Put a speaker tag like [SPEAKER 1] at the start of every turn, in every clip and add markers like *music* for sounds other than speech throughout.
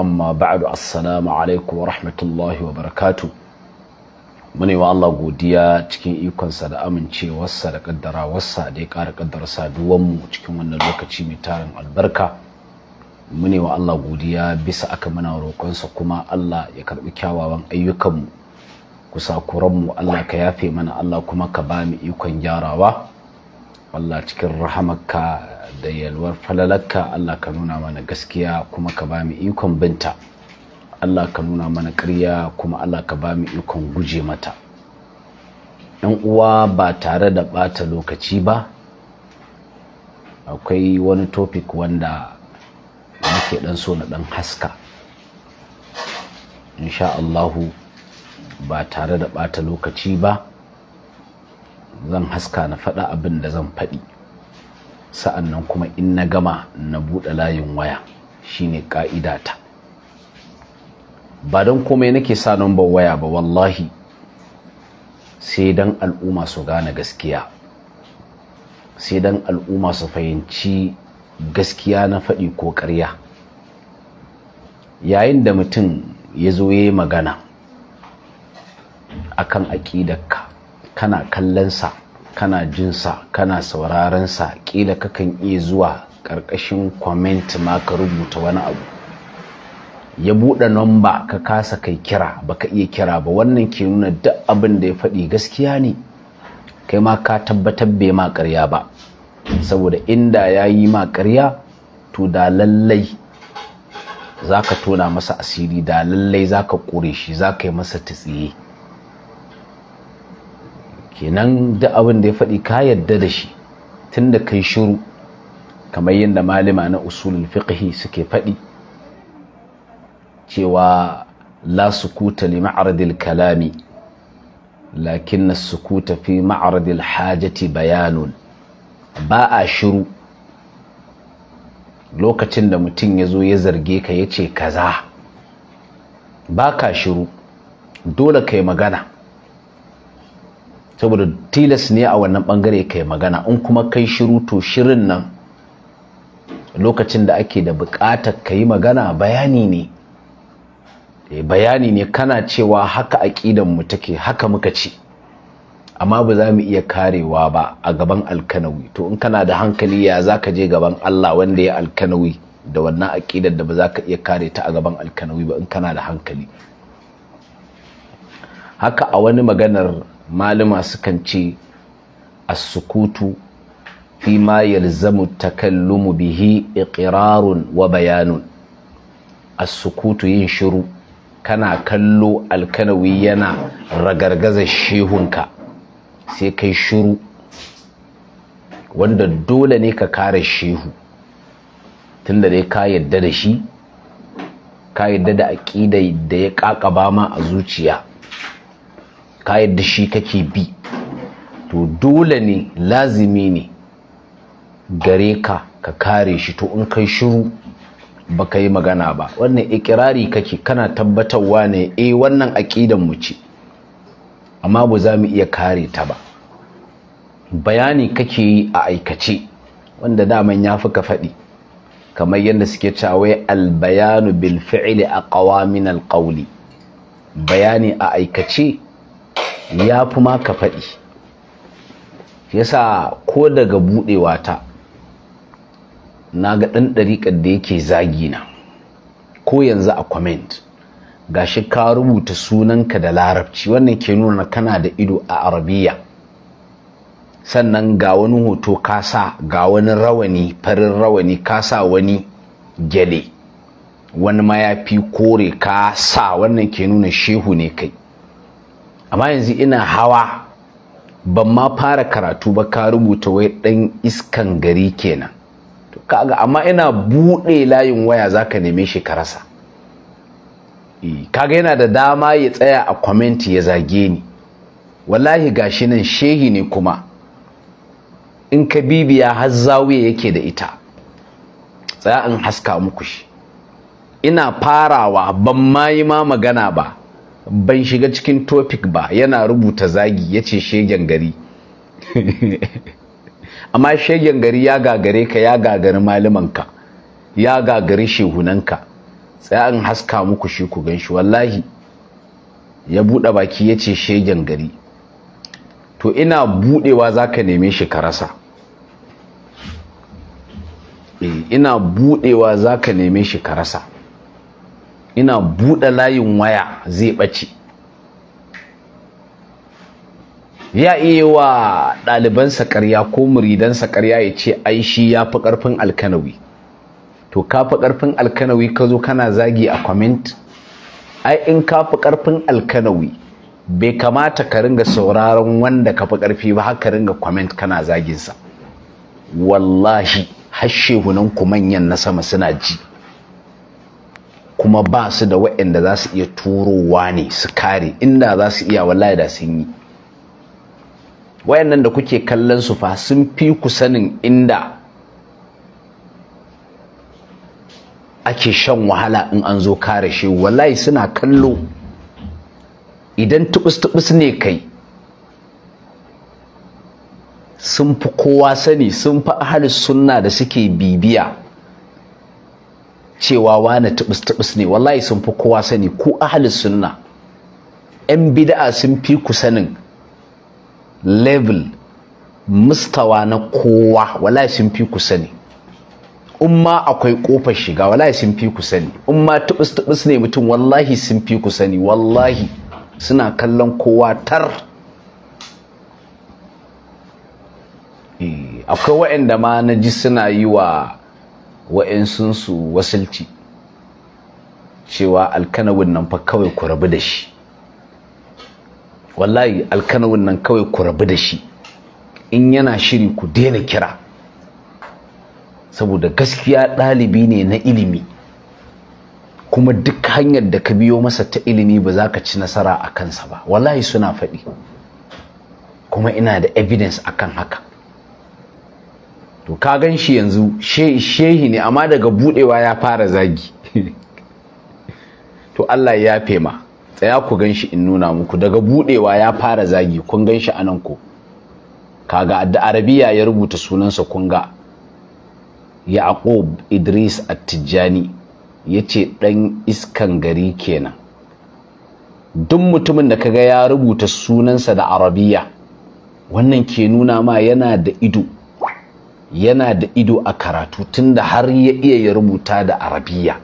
[SPEAKER 1] amma ba'du assalamu alaikum wa rahmatullahi wa barakatu mune wa Allah godiya cikin ikonsa da amincewarsa da wasa da ya ƙara kaddara saduwan mu cikin wannan lokaci mai tarin albarka mune wa Allah godiya bisa aka muna roƙonsa kuma Allah ya karɓi kyawawan ayyukanmu kusakuranmu Allah ka yafe mana Allah kuma ka ba mu ikon gyarawa Allah cikin rahamarka da yalwar falalaka Allah ka nuna mana gaskiya kuma ka ba mu ikon binta Allah ka nuna mana ƙarya kuma Allah ka ba mu ikon guje mata ‘yan uwa ba tare da ɓata lokaci ba akwai wani topic wanda nake ɗan so na ɗan haska insha Allahu ba tare da ɓata lokaci ba zan haska na faɗa abin da zan faɗi Sa'annan kuma in na gama na buɗe layin waya shine ƙa'idata ba don komai nake sa namba waya ba wallahi sai don al'umma su gane gaskiya sai don al'umma su fahimci gaskiya na faɗi ko ƙarya yayin da mutum ya zo ya magana akan aƙidarka kana kallonsa kana jinsa kana sa, ƙila kakan iya zuwa ƙarƙashin kwament ma ka rubuta wani abu ya buɗe nomba ka kasa kai kira baka iya kira ba wannan ke nuna duk abin da ya faɗi gaskiya ne kai ma ka tabbatar bai ma ƙarya ba saboda inda ya yi ma ƙarya to da lallai za ka tona masa asiri da lallai za ka ƙure shi za ka yi masa tsiye kenan duk abin da ya faɗi ka yadda da shi tun da kai shiru kamar yadda malima na usulul fiqhi suke faɗi cewa la sukuta li ma'radil kalami lakin na sukuta fi ma'radil hajati bayanun ba a shuru. lokacin da mutum ya zo ya zarge ka ya ce kaza ba ka shiru dole kai magana saboda tilas ne a wannan bangare kai magana in kuma kai shiru to shirin nan lokacin da ake da bukatar ka yi magana bayani ne eh, bayani ne kana cewa haka aƙidanmu take haka muka ci. amma ba za mu iya karewa ba a gaban alkanawi to in kana da hankali ya za ka je gaban allah wanda ya alkanawi da wannan aƙidar da ba za ka iya kare ta a gaban alkanawi ba in kana da hankali haka a wani maganar malama sukan ce as-sukutu fi ma yalzamu takallumu bihi iqrarun wa bayanun as-sukutu yin shiru kana kallo alkanawi yana ragargaza shehunka sai kai shiru wanda dole ne ka kare shehu tunda dai ka yadda da shi ka yadda da aƙidai da ya ƙaƙabama ma a zuciya ka yadda shi kake bi to dole ne lazimi ne gare ka ka kare shi to in kai shiru ba ka yi magana ba wannan ikirari kake kana tabbatarwa ne eh wannan aƙidan mu ce amma ba za mu iya kare ta ba bayani kake yi a aikace wanda daman ya fi ka faɗi kamar yadda suke cawe albayanu bil fi'li a min al bayani a aikace ya fi ma ka faɗi yasa ko daga buɗewa ta na ga ɗan ɗariƙar da yake zagina ko yanzu a comment gashi ka rubuta sunanka da larabci wannan ke nuna kana da ido a arabiya sannan ga wani hoto ka sa ga wani rawani farin rawani ka sa wani gyale wani mayafi kore ka sa wannan ke nuna shehu ne kai amma yanzu ina hawa ban ma fara karatu ba ka rubuta wai ɗan iskan gari kenan to kaga amma ina bude layin waya zaka neme shi ka rasa eh, kaga yana da dama ya tsaya a kwamenti ya zage ni wallahi gashi nan shehi ne kuma in ka bibiya har zawiya yake da ita tsaya in haska muku shi ina farawa ban ma yi ma magana ba Ban shiga cikin topic ba yana rubuta zagi ya ce shegen gari *laughs* amma shegen gari ya gagare ka ya gagari malumanka ya gagari shehunanka tsaya in haska muku shi ku gan shi wallahi ya buɗe baki ya ce shegen gari to ina buɗewa za ka neme shi ka rasa eh, ina buɗewa za ka neme shi ka rasa ina buɗe layin waya zai ɓace ya iya wa ɗalibansa ƙarya ko muridansa ƙarya ya ce ai shi ya fi ƙarfin alkanawi to ka fi ƙarfin alkanawi ka zo kana zagi a comment ai in ka fi ƙarfin alkanawi bai kamata ka ringa sauraron wanda ka fi ƙarfi ba haka ringa comment kana zaginsa wallahi har shehunan ku manyan na sama suna ji kuma ba su da waɗanda za su iya turowa ne su kare inda za su iya wallahi da sun yi wayannan da kuke kallon su fa sun fi ku sanin inda ake shan wahala in an zo kare shi wallahi suna kallo idan tubus-tubus ne kai sun fi kowa sani sun fi ahalus sunna da suke bibiya cewa wani tubus tubus ne wallahi sun fi kowa sani ku ahlus sunna yan bid'a sun fi ku sanin level mustawa na kowa wallahi sun fi ku sani in akwai kofar shiga wallahi sun fi ku sani in ma tubus tubus ne mutum wallahi sun fi ku sani wallahi suna kallon kowa tar eh, akwai waɗanda ma na ji suna yi wa su wasilci cewa alkanawin nan fa kawai ku rabu da shi wallahi alkanawin nan kawai ku rabu da shi in yana shiri ku daina kira saboda gaskiya ɗalibi ne na ilimi kuma duk hanyar da ka biyo masa ta ilimi ba za ka ci nasara a kansa ba wallahi suna faɗi kuma ina da evidence akan haka to ka gan shi yanzu shehi ne amma daga budewa ya fara zagi *laughs* to Allah ya ma, tsaya ku gan shi in nuna muku daga budewa ya fara zagi kun gan shi anan ku kaga da arabiya ya rubuta sunansa kun ga yaqub idris at-tijani yace dan iskan gari kenan duk mutumin da kaga ya rubuta sunansa da arabiya wannan ke nuna ma yana da ido yana da ido a karatu tunda har ya iya ya rubuta da arabiya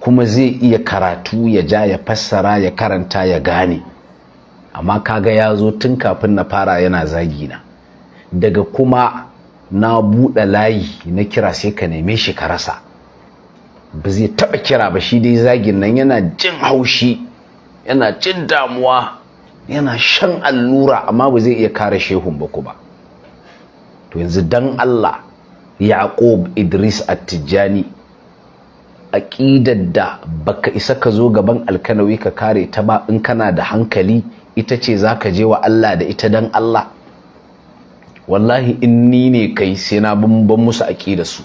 [SPEAKER 1] kuma zai iya karatu ya ja ya fassara ya karanta ya gane amma kaga ya zo tun kafin na fara yana zagi na daga kuma na buɗe layi na kira sai ka neme shi ka rasa ba zai taɓa kira ba shi dai zagin nan yana jin haushi yana jin damuwa yana shan allura amma ba zai iya kare shehun ba ba to yanzu dan Allah Yaqub Idris At-Tijani aqidar da baka isa ka zo gaban alkanawi ka kare ta ba in kana da hankali ita ce zaka je wa Allah da ita dan Allah wallahi in kai sai na bamban musu aqidar su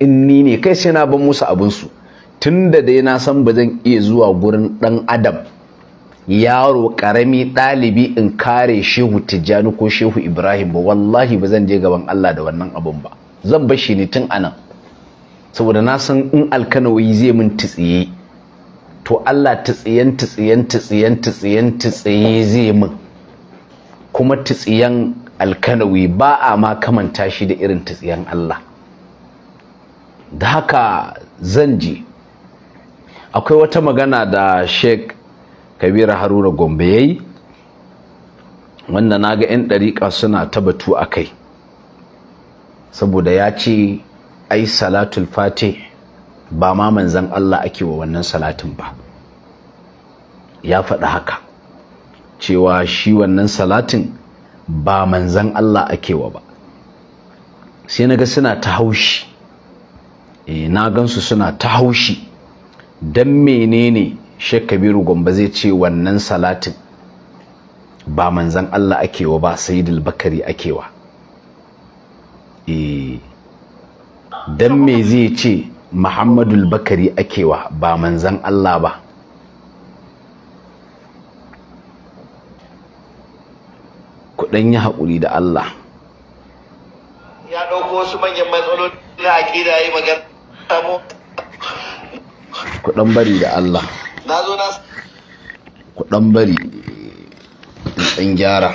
[SPEAKER 1] in ni kai sai na ban musu abin su tunda dai na san ba zan iya zuwa gurin dan adam yaro karami ɗalibi in kare shehu tijjani ko shehu ibrahim ba wallahi ba zan je gaban allah da wannan abun ba zan bar shi ne tun anan saboda na san in alkanawai zai min tsiye to allah tsiyen tsiyen tsiyen tsiyen tsiye zai min kuma tsiyen alkanawi ba a ma kamanta shi da irin tsiyen allah da haka zan je akwai wata magana da sheikh kabira haruna gombe ya yi wanda na ga 'yan ɗariƙa suna ta batu a kai saboda ya ce ai salatul fatih ba ma manzan Allah ake wa wannan salatin ba ya faɗa haka cewa shi wannan salatin ba manzan Allah ake wa ba sai na ga suna ta haushi eh, na gansu suna ta haushi don menene Sheikh Kabiru Gombe zai ce wannan salatin ba manzan Allah akewa ba Sayyidul Bakari akewa eh dan me zai ce Muhammadul Bakari akewa ba manzan Allah ba ku dan yi hakuri da Allah
[SPEAKER 2] ya
[SPEAKER 3] dauko wasu manyan matsaloli na aqida yi magana
[SPEAKER 1] ku dan bari da Allah na zo na ku bari in gyara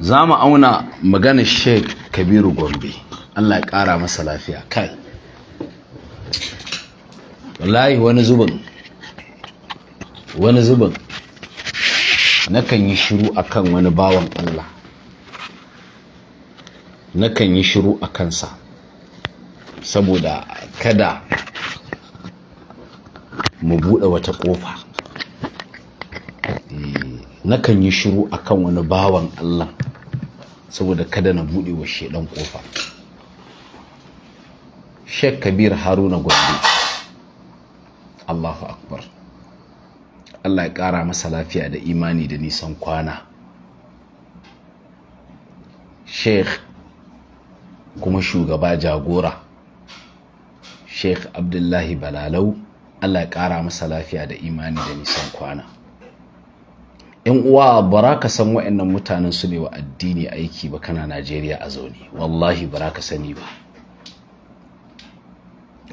[SPEAKER 1] za mu auna magana sheik kabiru gombe allah ya kara masa lafiya kai wallahi wani zubin wani zubin nakan yi shiru akan wani bawan Allah nakan yi shiru a kansa saboda kada mu buɗe wata ƙofa eh, nakan yi shiru akan wani bawan Allah saboda kada na buɗe wa shedan ƙofa Sheikh Kabir Haruna Gombe Allahu Akbar Allah ya ƙara masa lafiya da imani da nisan kwana Sheikh kuma shugaba jagora Sheikh Abdullahi Balalau Allah ya ƙara masa lafiya da imani da nisan kwana yan uwa bara ka san wayannan mutanen su ne wa addini aiki ba kana Najeriya a zaune wallahi ra ka sani ba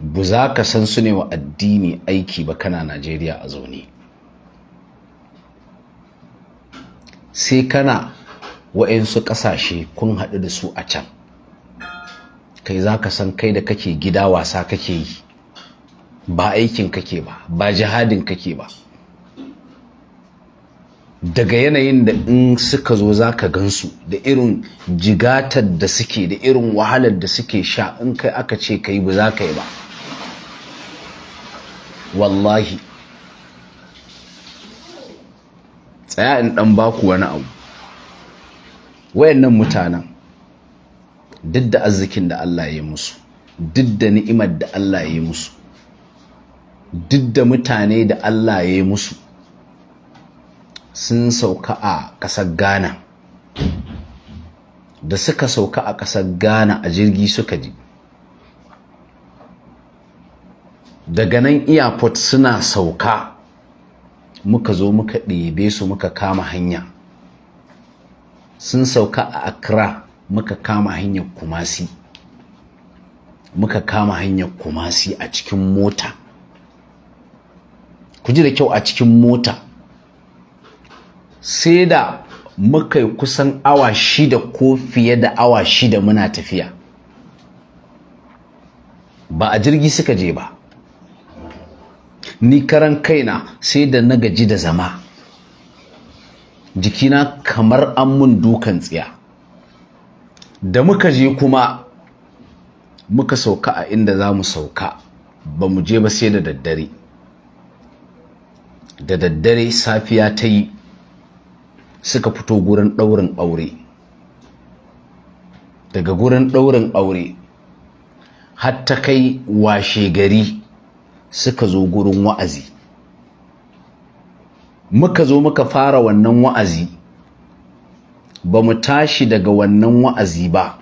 [SPEAKER 1] bu za ka san su ne wa addini aiki ba kana Najeriya a zaune sai kana wa'yansu ƙasashe kun haɗu da su a can kai za ka san kai da kake gida wasa kake yi ba aikin kake ba ba jihadin kake ba daga yanayin da in suka zo za ka gansu da irin jigatar da suke da irin wahalar da suke sha in kai aka ce ka yi ba za ka yi ba wallahi tsaya in ɗan baku wani abu wayannan mutanen duk da arzikin da Allah ya yi musu duk da ni'imar da Allah ya yi musu duk da mutane da Allah ya yi musu sun sauka a ƙasar Ghana da suka sauka a ƙasar Ghana a jirgi suka ji daga nan airport suna sauka muka zo muka ɗebe su muka kama hanya sun sauka a Accra muka kama hanyar Kumasi muka kama hanyar Kumasi a cikin mota ku ji da kyau a cikin mota sai da muka yi kusan awa shida ko fiye da awa shida muna tafiya ba a jirgi suka je ba ni karan kaina sai da na gaji da zama jikina kamar an mun dukan tsiya da muka je kuma muka sauka a inda za mu sauka ba mu je ba sai da daddare da daddare safiya ta yi suka fito gurin ɗaurin aure daga gurin ɗaurin aure har ta kai washe gari suka zo gurin wa'azi muka zo muka fara wannan wa'azi ba mu tashi daga wannan wa'azi ba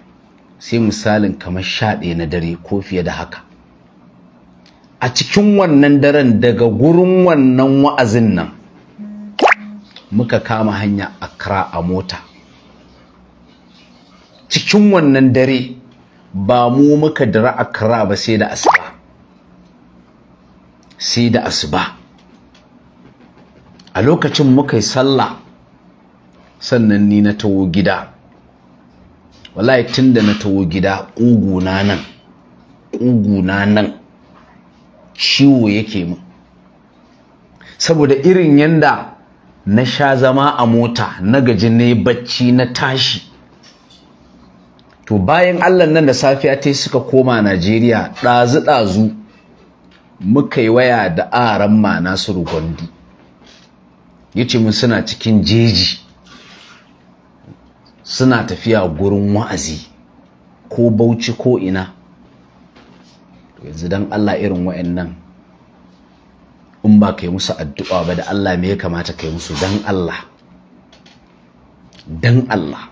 [SPEAKER 1] sai misalin kamar sha ɗaya na dare ko fiye da haka a cikin wannan daren daga gurin wannan wa'azin nan muka kama hanya a kara a mota cikin wannan dare ba mu muka dira Accra ba sai da asuba sai da asuba a lokacin muka yi sallah sannan ni na tawo gida wallahi da na tawo gida ƙuguna nan ƙuguna nan ciwo yake min saboda irin yanda na sha zama a mota na gaji ne bacci na tashi to bayan allah nan da safiya ta suka koma najeriya ɗazu-ɗazu muka yi waya da aran ma nasiru rugondi ya ce mun suna cikin jeji suna tafiya gurin wa'azi ko bauchi ko ina to yanzu dan Allah irin wa'annan in ba kai musu addu'a ba da Allah me ya kamata kai musu dan Allah dan Allah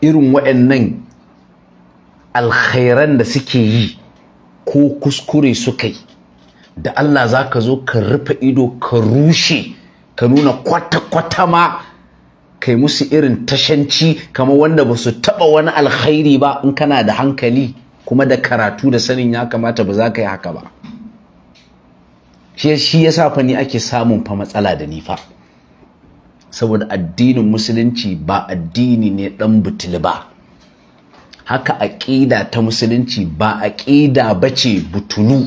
[SPEAKER 1] irin wa'annan alkhairan da suke yi ko kuskure suka yi da Allah za ka zo ka rufe ido ka rushe ka nuna kwata-kwata ma kai musu irin tashanci kamar wanda ba su taɓa wani alkhairi ba in kana da hankali kuma da karatu da sanin ya kamata ba za ka yi haka ba shi ya sa fa ni ake samun fa matsala da nifa saboda addinin musulunci ba addini ne dan butul ba haka aƙida ta musulunci ba aƙida ba ce butulu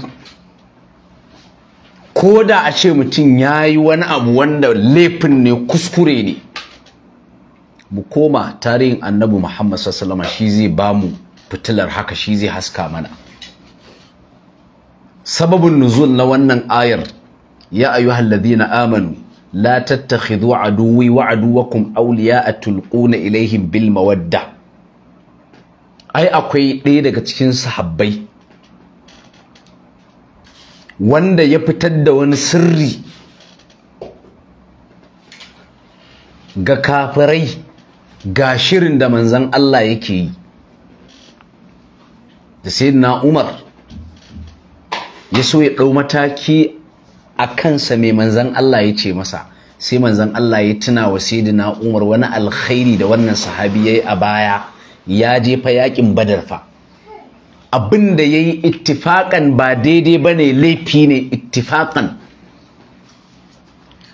[SPEAKER 1] ko da a ce mutum ya yi wani abu wanda laifin ne kuskure ne mu koma tarihin annabi muhammad wasallam shi zai bamu fitilar haka shi zai haska mana sababin nuzul na wannan ayar ya ayyuhal ladina amanu la tattakhidhu aduwwi wa aduwwakum awliya'a tulquna ilaihim bil mawadda ai akwai ɗaya daga cikin sahabbai wanda ya fitar da wani sirri ga kafirai ga shirin da Manzon Allah yake yi da sayyidina umar ya so ya ɗau mataki a kansa mai manzan Allah ya ce masa sai manzan Allah ya tuna wa sayyidina Umar wani alkhairi da wannan sahabi yayi a baya ya je fa yakin Badar fa abin da yayi ittifakan ba daidai bane laifi ne ittifakan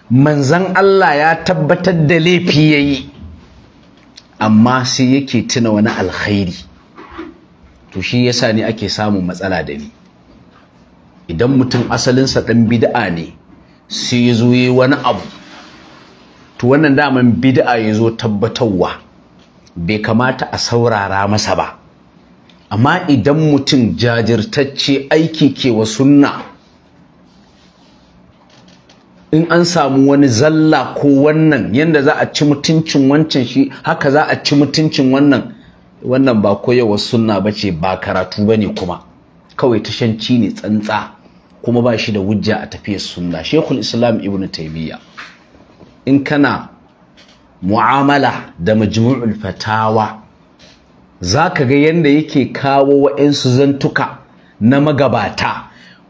[SPEAKER 1] manzan Allah ya tabbatar da laifi yayi amma sai yake tuna wani alkhairi to shi yasa ne ake samun matsala da ni idan mutum asalinsa ɗan bid'a ne sai ya zo yi wani abu to wannan daman bid'a ya zo tabbatarwa bai kamata a saurara masa ba amma idan mutum jajirtacce aiki ke wa sunna in an samu wani zalla ko wannan yanda za a ci mutuncin wancan shi haka za a ci mutuncin wannan wannan ba koyarwa sunna ba ce ba karatu ba ne kuma kawai tashanci ne tsantsa kuma ba shi da wujja a tafiyar sunna shekul islam ibn taimiyya in kana mu'amala da majmu'ul fatawa za ka ga yadda yake kawo wa'insu zantuka na magabata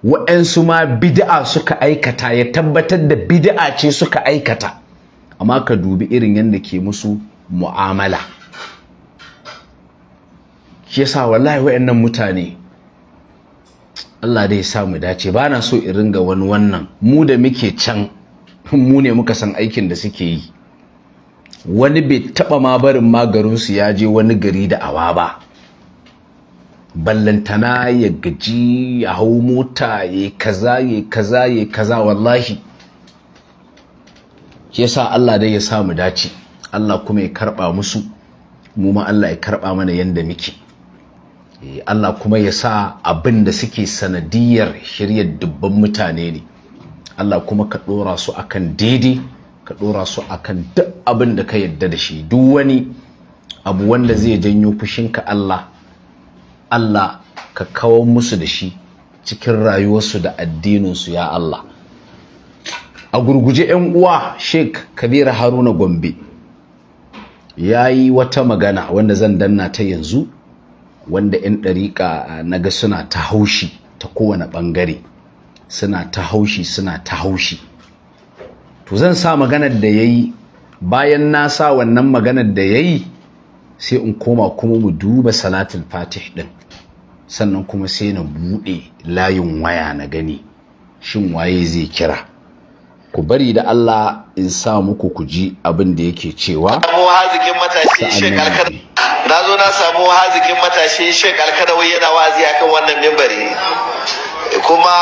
[SPEAKER 1] wa'insu ma bid'a suka aikata ya tabbatar da bid'a ce suka aikata amma ka dubi irin yadda ke musu mu'amala shi yasa wallahi wayannan mutane Allah dai ya mu dace bana so in ringa wani wannan mu da muke can *laughs* mu ne muka san aikin da suke yi wani bai taba ma barin su ya je wani gari da awa ba ballantana ya gaji ya hau mota ya kaza ya kaza ya kaza wallahi yasa Allah dai ya mu dace Allah kuma ya karba musu mu ma Allah ya karba mana yanda muke Eh, Allah kuma ya sa abin da suke sanadiyar shiryar dubban mutane ne Allah kuma ka ɗora su akan daidai ka ɗora su akan duk abin da ka yadda da shi duk wani abu wanda zai janyo fushinka Allah Allah ka kawo musu da shi cikin rayuwarsu da addininsu ya Allah a gurguje 'yan uwa Sheikh Kabiru Haruna Gombe ya yi wata magana wanda zan danna ta yanzu wanda 'yan ɗariƙa na ga suna ta haushi ta kowane ɓangare suna ta haushi suna ta haushi to zan sa maganar da ya yi bayan na sa wannan maganar da ya yi sai in koma kuma mu duba Salatin fatih ɗin sannan kuma sai na buɗe layin waya na gani shin waye zai kira ku bari da Allah in sa muku ku ji abin da yake cewa
[SPEAKER 3] abu hazikin matashi shekar na zo na samu hazikin matashi shek alkadawai yana wazi kan wannan mimbari kuma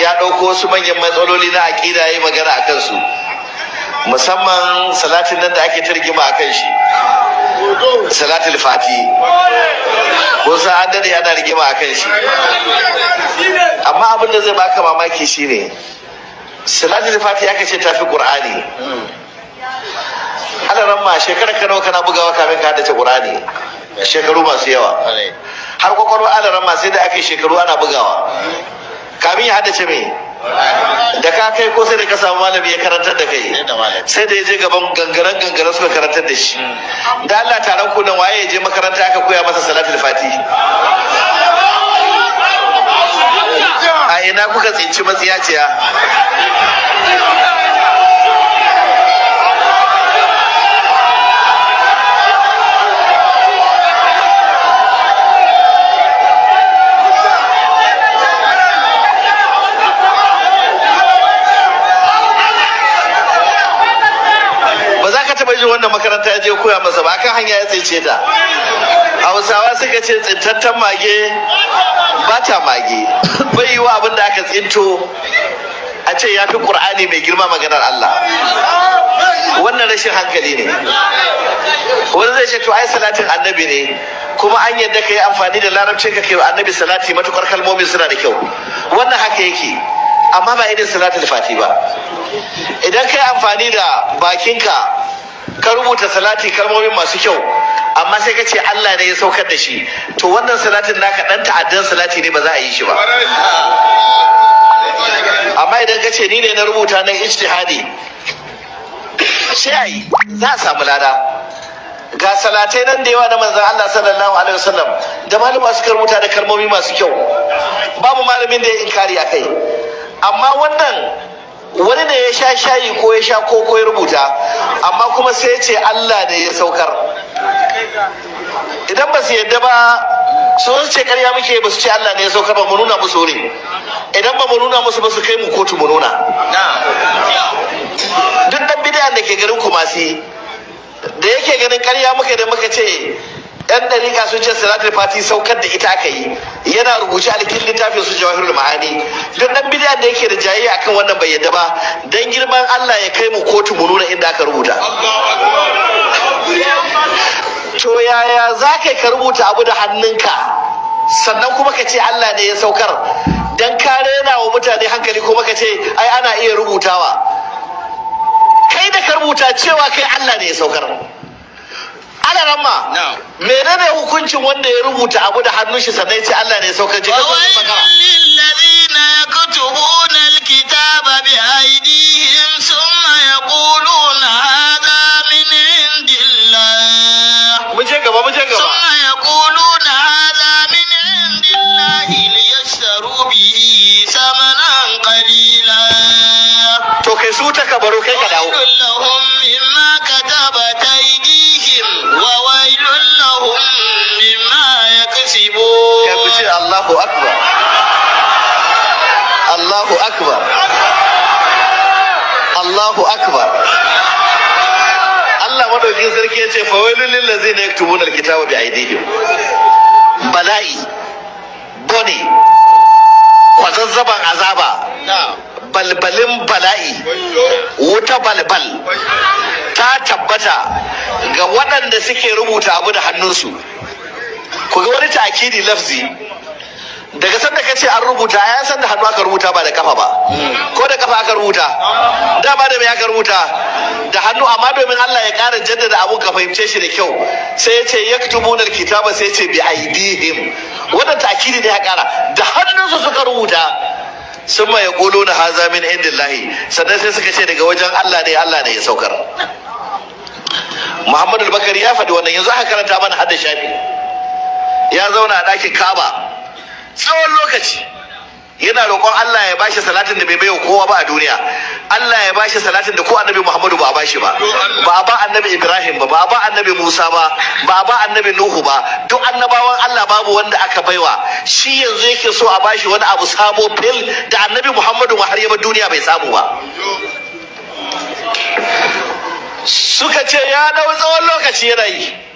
[SPEAKER 3] ya ɗauko wasu manyan matsaloli na aƙida ya yi magana a kansu musamman salatin nan da ake turgima a kan shi salatul fati ko sa an dade yana rigima a kan shi amma abin da zai baka mamaki shine salatul fati aka ce tafi qur'ani alaran ma shekarar ka nawa kana bugawa kafin ka dace qur'ani shekaru masu yawa har kwakwalwa alaran ma sai da aka yi shekaru ana bugawa Kamin ya ce me da ka kai ko sai da ka samu malami ya karantar da kai sai da ya je gaban gangaren gangaren suka karantar da shi hmm. da Allah ta ranku nan waye ya je makaranta aka koya masa salatul fati a ina kuka tsinci matsiyaciya kwalejin wanda makaranta ya je koya masa ba kan hanya ya tsince ta hausawa suka ce tsintattan mage ba ta mage bai yi wa abin da aka tsinto a ce ya fi ƙur'ani mai girma maganar Allah wannan rashin hankali ne wani zai ce to ai salatin annabi ne kuma an yadda ka yi amfani da larabcin ka kai annabi salati matukar kalmomin suna da kyau wannan haka yake amma ba irin salatin fati ba idan ka yi amfani da bakinka ka rubuta salati kalmomin masu kyau amma sai ka ce Allah ne ya saukar da shi to wannan salatin naka dan ta'addan salati ne ba za a yi shi ba amma idan ka ce ni ne na rubuta nan ijtihadi sai za a samu lada ga salatai nan da yawa na manzan Allah sallallahu alaihi wasallam da malama suka rubuta da kalmomi masu kyau babu malamin da ya inkari a kai amma wannan wani ne ya sha shayi ko ya sha koko ya rubuta amma kuma sai ce Allah ne ya saukar idan ba su yadda ba su wasu ce karya muke ba su ce Allah ne ya saukar ba mu nuna musu ne idan ba mu nuna musu ba su kai mu kotu mu nuna duk dan bidiyan da ke garin kumasi da yake ganin karya muke da muka ce yan dariƙa sun ce salatul fati saukar da ita aka yi yana rubuce a cikin littafin su jawahirul ma'ani duk dan bidiya da yake da jayayya akan wannan bai yadda ba dan girman Allah ya kai mu kotu mu nuna inda aka rubuta to yaya za ka ka rubuta abu da hannunka sannan kuma ka ce Allah ne ya saukar dan ka rena wa mutane hankali kuma ka ce ai ana iya rubutawa kai da ka rubuta cewa kai Allah ne ya saukar ana ramma menene hukuncin wanda ya rubuta abu da hannun shi sannan ce Allah ne saukar jika sun makara lillazina yaktubuna alkitaba bi aydihim thumma yaquluna hadha min indillah mu je gaba mu je gaba bihi samanan qalila to kai su ta kabaru kai ka dawo lahum mimma wa wailun lahum mimma kai ce Allahu akbar Allahu akbar Allahu akbar Allah madaukin sarki ya ce fa wailul lil ladzina yaktubuna alkitaba bi aydihim bala'i Bani. kwazazzaban azaba balbalin bala'i wuta balbal ta tabbata ga waɗanda suke rubuta abu da hannunsu ku ga wani takiri lafzi daga sanda kace an rubuta ya san da hannu aka rubuta ba da kafa ba ko da kafa aka rubuta dama da me aka rubuta da hannu amma domin Allah ya kara jaddada abun ka fahimce shi da kyau sai ya ce yaktubuna alkitaba sai ya ce bi aidihim wannan ta'kidi ne ya kara da hannunsu suka rubuta sun ma na haza min indillahi sannan sai suka ce daga wajen Allah ne Allah ne ya saukar Muhammadu Bakari ya faɗi wannan yanzu aka karanta mana hadda shafi ya zauna a ɗakin Kaba tsawon lokaci yana roƙon Allah ya bashi salatin da bai baiwa kowa ba a duniya Allah ya bashi salatin da ko annabi Muhammadu ba a bashi ba ba a ba annabi Ibrahim ba ba a ba annabi Musa ba ba a ba annabi Nuhu ba duk annabawan Allah babu wanda aka baiwa shi yanzu yake so a bashi wani abu sabo fil da annabi Muhammadu ma har yaba duniya bai samu ba suka ce ya dau tsawon lokaci yana yi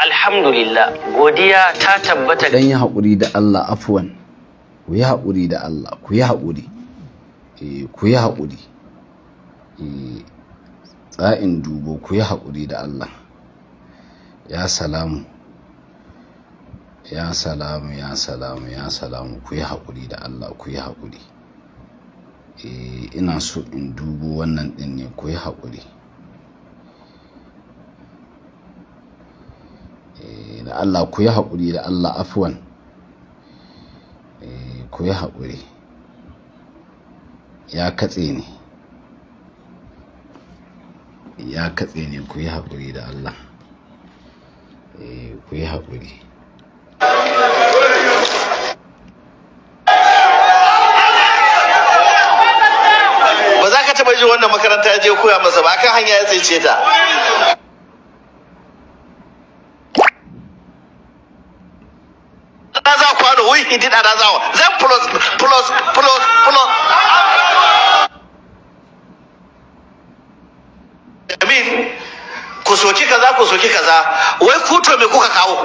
[SPEAKER 4] alhamdulillah godiya ta
[SPEAKER 1] tabbata dan yi haƙuri da Allah afwan ku yi haƙuri da Allah ku yi haƙuri eh, ku yi haƙuri eh, tsa'in dubo ku yi haƙuri da Allah ya salamu ya salamu ya salamu ya salamu ku yi haƙuri da Allah ku yi haƙuri eh, ina so in dubo wannan ɗin ne ku yi haƙuri Eh, da Allah ku yi haƙuri da Allah afuwan eh, ku yi haƙuri ya katse ne ya katse ne ku yi haƙuri da Allah eh, ku yi haƙuri
[SPEAKER 3] ba za ka taɓa ji wannan makaranta ya je koya masa ba kan hanya ya tsince ta another quarrel with indeed another one. Then plus, plus, plus, plus. Amin, ku soki kaza, ku soki kaza, wai kuto me kuka kawo?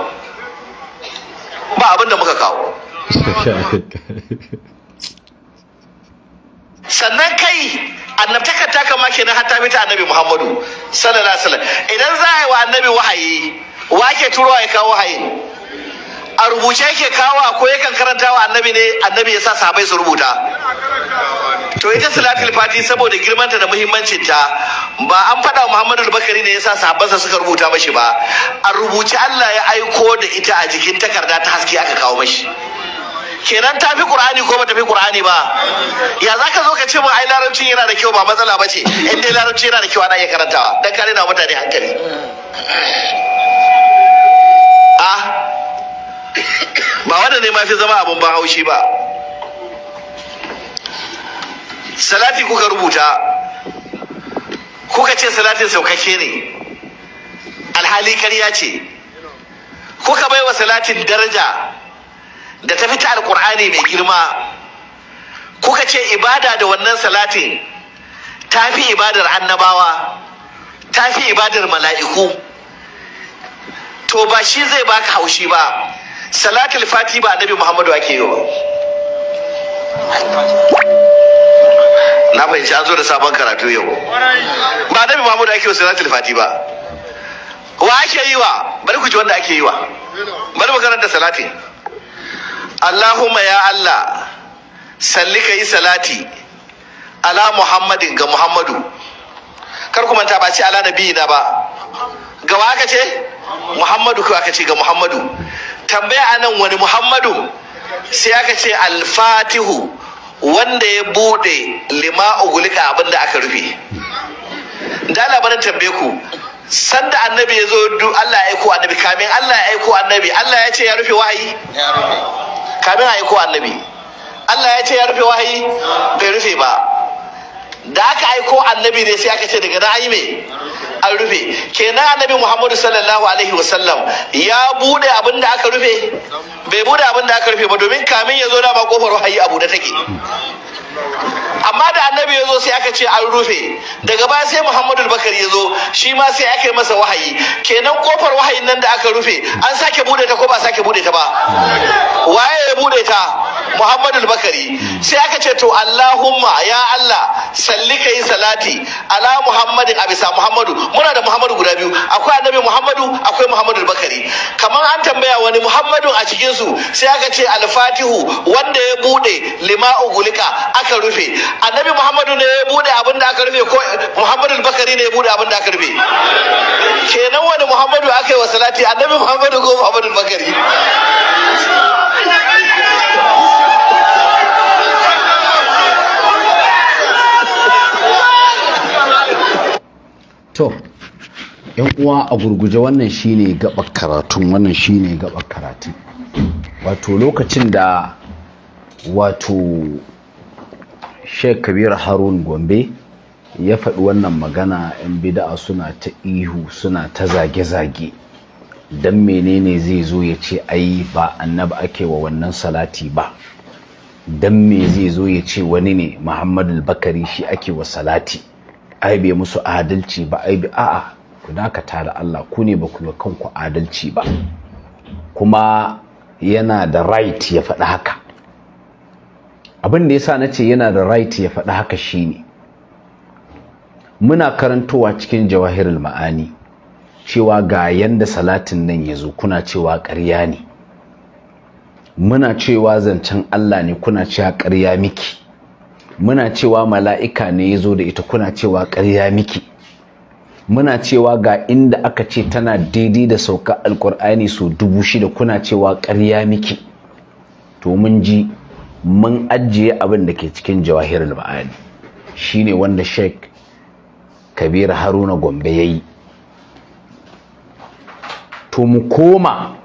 [SPEAKER 3] Ba abin da muka kawo. Sannan kai annabtakar ta kama ke hatta bi ta annabi Muhammadu sallallahu alaihi wasallam idan za a yi wa annabi wahayi wa ke turo ya kawo wahayi a rubuce yake kawo ko yakan karanta wa annabi ne annabi ya sa sahabai su rubuta to ita salatul fati saboda girmanta da muhimmancinta ba an faɗa muhammadu bakari ne sa sahabansa suka rubuta mashi ba a rubuce allah ya aiko da ita a jikin takarda ta haske aka kawo mashi kenan ta fi qur'ani ko ba ta fi qur'ani ba ya zaka zo ka ce mu ai larabcin yana da kyau ba matsala ba ce in dai larabci yana da kyau ana iya karantawa dan kare na mutane hankali ah ba wanda ne ma fi zama abin ban haushi ba salati kuka rubuta kuka ce salatin saukake ne alhali karya ce kuka baiwa salatin daraja da ta fita alkur'ani mai girma kuka ce ibada da wannan salatin ta fi ibadar annabawa ta fi ibadar mala'iku to ba shi zai baka haushi ba salatul fati ba annabi muhammadu ake yi ba na fahimci an zo da sabon karatu yau ba annabi muhammadu ake yi wa salatul fati ba wa ake yi wa bari ku ji wanda ake yi wa bari mu karanta salati allahumma ya allah salli ka yi salati ala muhammadin ga muhammadu kar ku manta ba ce ala nabiyina ba ga wa aka ce muhammadu ka aka ce ga muhammadu tambaya anan wani muhammadu sai aka ce alfatihu wanda ya bude lima ugulika abinda aka rufe da labarin tambaye ku sanda annabi ya zo du Allah ya aiko annabi kamin Allah ya aiko annabi Allah ya ce ya rufe wahayi kamin ya aiko annabi Allah ya ce ya rufe wahayi bai rufe ba da aka aiko annabi ne sai aka ce daga na yi me an rufe kenan annabi muhammadu sallallahu alaihi wasallam ya bude abin da aka rufe bai bude abin da aka rufe ba domin kamin ya zo da ba kofar wahayi abu da take amma da annabi ya zo sai aka ce an rufe daga baya sai muhammadu bakar ya zo shi ma sai aka yi masa wahayi kenan kofar wahayin nan da aka rufe an sake bude ta ko ba sake bude ta ba waye ya bude ta muhammadu bakari sai aka ce to allahumma ya allah salli kai salati ala Muhammadu a bisa muhammadu muna da muhammadu guda biyu akwai annabi muhammadu akwai muhammadu bakari kamar an tambaya wani muhammadu a cikinsu sai aka ce Al Fatihu wanda ya bude lima ugulika aka rufe annabi muhammadu ne ya bude abin da aka rufe ko muhammadu bakari ne ya bude abin da aka rufe kenan wani muhammadu aka yi wa salati annabi muhammadu ko muhammadu bakari
[SPEAKER 1] to yan uwa a gurguje wannan shine gabar karatun wannan shine gabar karatu wato lokacin da wato sheikh kabir harun gombe ya faɗi wannan magana 'yan bida'a suna ta ihu suna ta zage-zage don menene zai zo ya ce ai ba annabi ake wa wannan salati ba don me zai zo ya ce wani ne muhammadu bakari shi ake wa salati aibe musu adalci ba ai a'a ku dakata da Allah ku ne ba ku kanku adalci ba kuma yana da right ya faɗi haka abin da yasa na ce yana da right ya faɗi haka shine muna karantowa cikin jawahirul ma'ani cewa ga yanda salatin nan ya zo kuna cewa ƙarya ne muna cewa zancen Allah ne kuna cewa ƙarya miki muna cewa mala'ika ne ya zo da ita kuna cewa karya miki muna cewa ga inda aka ce tana daidai da sauka alkur'ani so dubu shida kuna cewa karya miki to mun ji mun ajiye abin da ke cikin jawahirul ma'ani shine wanda sheik kabir haruna gombe ya yi to mu koma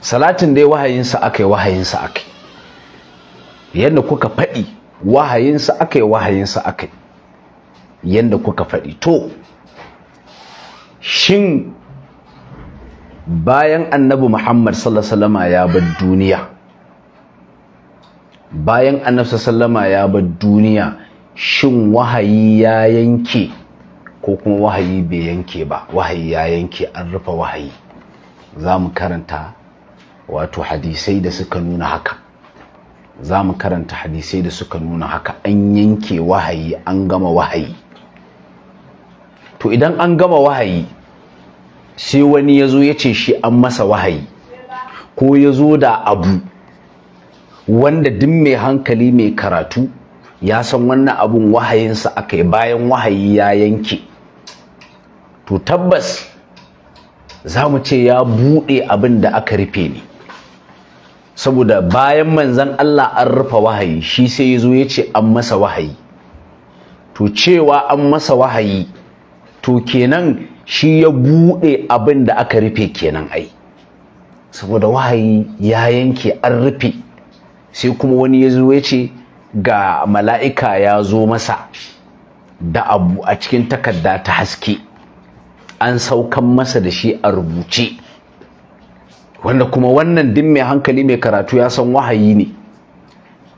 [SPEAKER 1] salatin dai wahayinsa aka yi wahayinsa aka yadda kuka faɗi wahayinsa aka yi wahayinsa aka yi yadda kuka faɗi to shin bayan annabi muhammad sallama ya bar duniya bayan annabi sallama ya bar duniya shin wahayi ya yanke ko kuma wahayi bai yanke ba wahayi ya yanke an rufe wahayi za mu karanta wato hadisai da suka nuna haka za mu karanta hadisai da suka nuna haka an yanke wahayi an gama wahayi to idan an gama wahayi sai wani ya zo ya ce shi an masa wahayi ko ya zo da abu wanda duk mai hankali mai karatu ya san wannan abun wahayinsa aka yi bayan wahayi ya yanke to tabbas za mu ce ya buɗe abin da aka rufe ne saboda bayan manzan Allah an rufe wahayi shi sai ya zo ya ce an masa wahayi to cewa an masa wahayi to kenan shi ya buɗe abin da aka rufe kenan ai saboda wahayi ya yanke an rufe sai kuma wani ya zo ya ce ga mala'ika ya zo masa da abu a cikin takarda ta haske an saukan masa da shi a rubuce wanda kuma wannan din mai hankali mai karatu ya san wahayi ne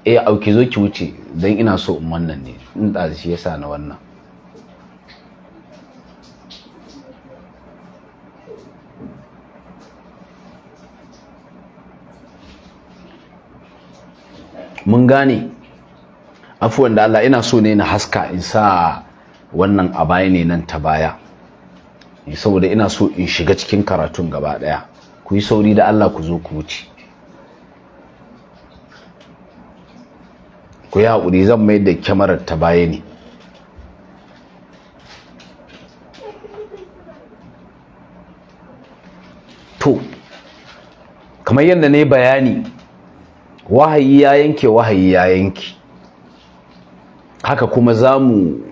[SPEAKER 1] eh auki zo ki wuce dan ina so in wannan ne in da shi yasa na wannan mun gane afuwan da Allah ina so ne na haska in sa wannan a baya ne nan ta baya saboda ina so in shiga cikin karatun gaba daya ku yi sauri da Allah ku zo ku wuce ku yi haƙuri zan mai da kyamarar ta baya ne to kamar yadda na yi bayani wahayi ya yanke wahayi ya yanke haka kuma za mu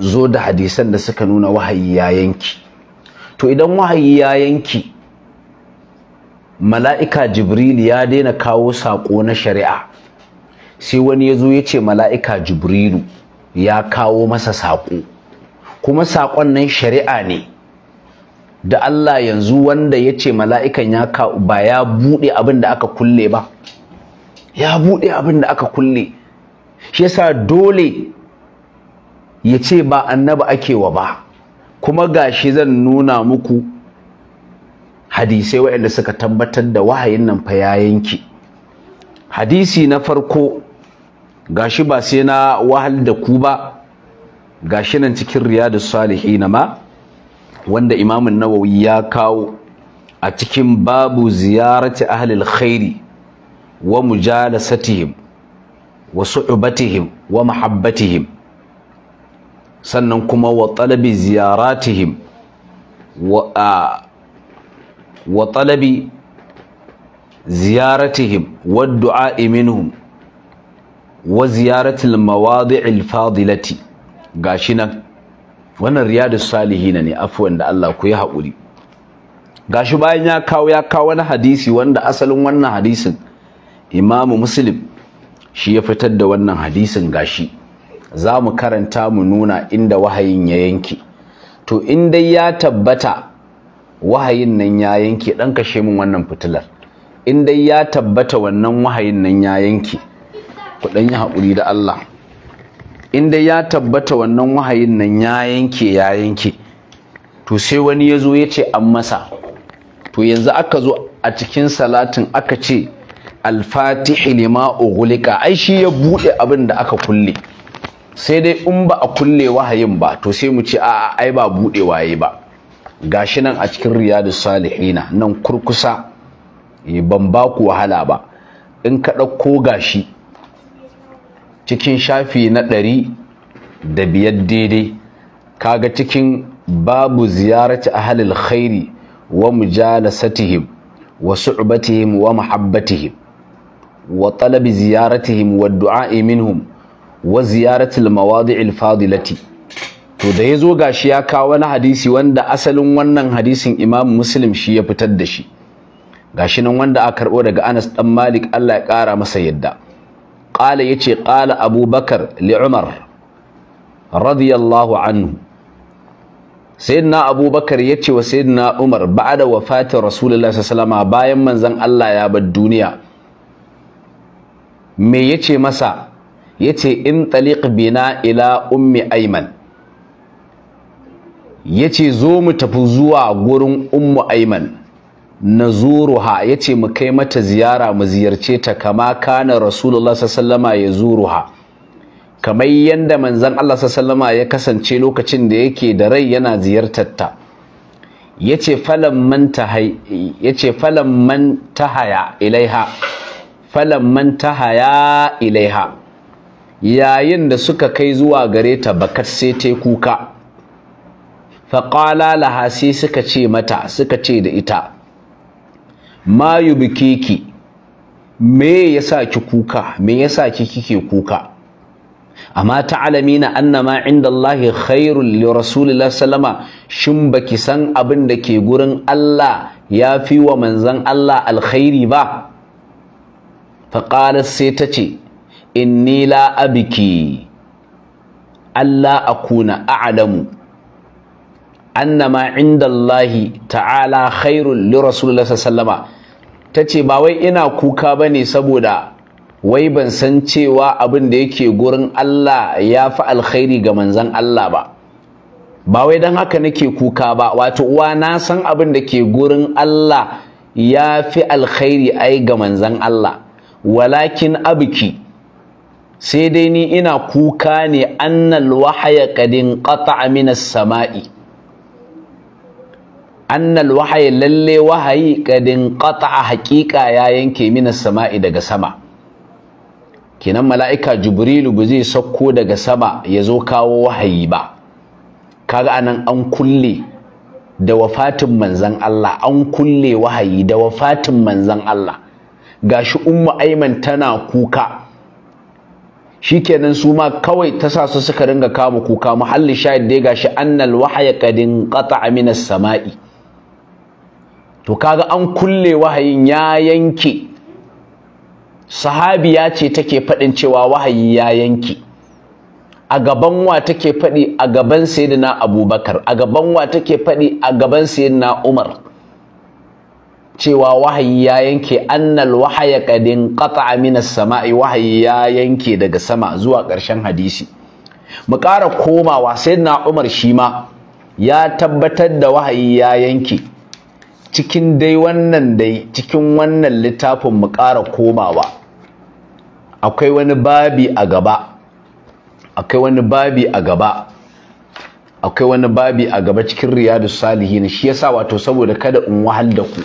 [SPEAKER 1] zo da hadisan da suka nuna wahayi ya yanki to idan wahayi ya yanki mala'ika jibril ya daina kawo saƙo na shari'a sai wani ya zo ya ce mala'ika jibrilu ya kawo masa saƙo kuma saƙon nan shari'a ne da Allah yanzu wanda ya ce mala'ikan ya kawo ba ya buɗe abin da aka kulle ba ya buɗe abin da aka kulle shi yasa dole ya ce ba annaba ake wa ba kuma gashi zan nuna muku hadisai waɗanda suka tabbatar da wahayin nan fa ya yanki hadisi na farko gashi ba sai na wahal da ku ba gashi nan cikin riyadus salihin ma wanda imamun nawawi ya kawo a cikin babu ziyarati ahlil khairi wa mujalasatihim wa su'ubatihim wa mahabbatihim sannan kuma wa talabi ziyaratihim wa wa talabi ziyaratihim wa du'a minhum wa ziyaratil mawadi'il ga shi nan wannan salihi na ne afwan da Allah ku yi haƙuri gashi bayan ya kawo ya kawo wani hadisi wanda asalin wannan hadisin imamu muslim shi ya fitar da wannan hadisin gashi za mu karanta mu nuna inda wahayin ya yanke to in dai ya tabbata wahayin nan ya yanke dan kashe min wannan fitilar in dai ya tabbata wannan wahayin nan ya yanke ku dan yi hakuri da Allah in dai ya tabbata wannan wahayin nan ya yanke ya yanke to sai wani ya zo ya ce an masa to yanzu aka zo a cikin salatin aka ce alfatihi lima ughliqa ai shi ya bude abin da aka kulle sai dai in ba a kulle wahayin ba to sai mu ce a'a ai ba bude waye ba gashi nan a cikin riyadu salihina nan kurkusa eh, ban ba ku wahala ba in ka ɗauko gashi cikin shafi na ɗari da biyar daidai kaga cikin babu ziyarati ahalil khairi wa mujalasatihim wa su'batihim wa muhabbatihim wa talabi ziyaratihim wa du'a'i minhum wa ziyaratil mawadi'il fadilati to da ya zo gashi ya kawo wani hadisi wanda asalin wannan hadisin Imam muslim shi ya fitar da shi gashi nan wanda aka karɓo daga anas ɗan malik allah ya ƙara masa yadda ƙala ya ce ƙala abubakar li'umar radiyallahu anhu sayyidina abubakar ya ce wa sayyidina umar ba'da wafatin rasulullah sallama bayan manzon allah ya bar duniya me yace masa yace in taliq bina ila ummi Ayman. yace zo mu tafi zuwa gurin ummu aiman nazuruha yace mu kai mata ziyara mu ziyarce ta kama kana rasulullah sallama ya zuruha kamar yadda manzon Allah sallama ya kasance lokacin da yake da rai yana ziyartar ta yace falan man ta yace falan man tahaya ilaiha man tahaya ilaiha yayin da suka kai zuwa gare ta bakar sai ta kuka faƙala laha sai suka ce mata suka ce da ita mayu bikiki ki me yasa ki kuka me yasa ki kike kuka amma ta alamina annama indallahi khairu li rasulillahi sallama shin baki san abin da ke gurin Allah ya fi wa manzan Allah alkhairi ba faƙala sai ta ce inni la abiki Allah akuna a'lamu annama indallahi ta'ala khairul li rasulullah sallama tace ba wai ina kuka bane saboda wai ban san cewa abin da yake gurin Allah ya fi alkhairi ga manzan Allah ba ba wai dan haka nake kuka ba wato uwa na san abin da ke gurin Allah ya fi alkhairi ai ga manzan Allah walakin abiki sai dai ni ina kuka ne annal wahaya qadin qata'a minas sama'i annal wahayi lalle wahayi kadin qata haqiqa ya yanke mina sama'i daga sama Kinan mala'ika jibrilu ba zai sauko daga sama ya zo kawo wahayi ba kaga anan an kulle da wafatin manzan Allah an kulle wahayi da wafatin manzan Allah gashi ummu aiman tana kuka shikenan su ma kawai ta sa su suka ringa kama kuka muhalli shayid dai gashi annal wahaya kadin inqata'a minas sama'i to kaga an kulle wahayin ya yanke sahabiya ce take faɗin cewa wahayi ya yanke a gaban wa take faɗi a gaban sayyidina abubakar a gaban wa take faɗi a gaban sayyidina umar cewa wahayi ya yanke annal wahaya kadin qata'a minas sama'i wahayi ya yanke daga sama zuwa ƙarshen hadisi mu ƙara komawa sayyidina umar shima ya tabbatar da wahayi ya yanke cikin dai wannan dai cikin wannan littafin mu ƙara komawa akwai wani babi a gaba akwai wani babi a gaba akwai wani babi a gaba cikin riyadu na. shi yasa wato saboda kada in wahal da ku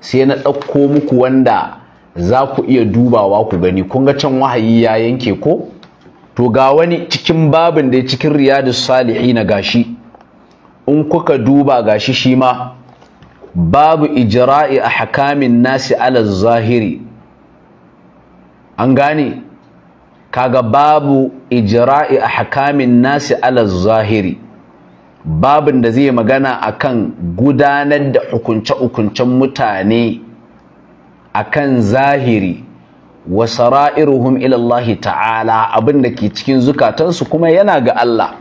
[SPEAKER 1] sai na ɗauko muku wanda za ku iya dubawa ku gani kun ga can wahayi ya yanke ko to ga wani cikin babin da cikin riyadu na gashi in kuka duba gashi shi ma babu ijirai a hakamin nasi ala zahiri an gane kaga babu ijra'i a hakamin nasi ala zahiri babin da zai magana akan gudanar da hukunce-hukuncen mutane akan zahiri wa sara'iruhum ila Allah ta'ala abinda ke cikin zukatansu kuma yana ga Allah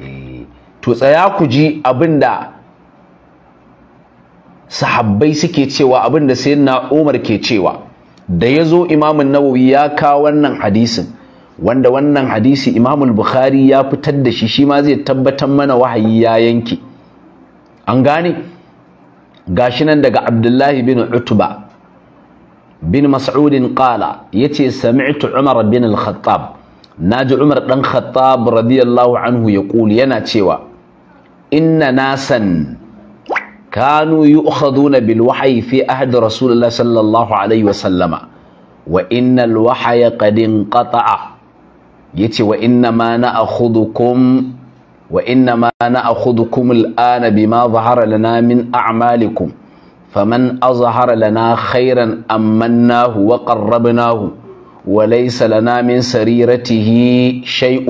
[SPEAKER 1] eh, to tsaya ku ji abinda sahabbai suke cewa abin da sayyidina Umar ke cewa da ya yazo Imam Nawawi ya kawo wannan hadisin wanda wannan hadisi Imam Bukhari ya fitar da shi shi ma zai tabbatar mana wahayi ya yanki. an gane gashi nan daga Abdullahi bin Utba bin Mas'udin qala yace sami'tu Umar bin al-Khattab naji Umar dan Khattab radiyallahu anhu ya yaqul yana cewa inna nasan كانوا يؤخذون بالوحي في عهد رسول الله صلى الله عليه وسلم وإن الوحي قد انقطع يتي وإنما نأخذكم وإنما نأخذكم الآن بما ظهر لنا من أعمالكم فمن أظهر لنا خيرا أمناه وقربناه وليس لنا من سريرته شيء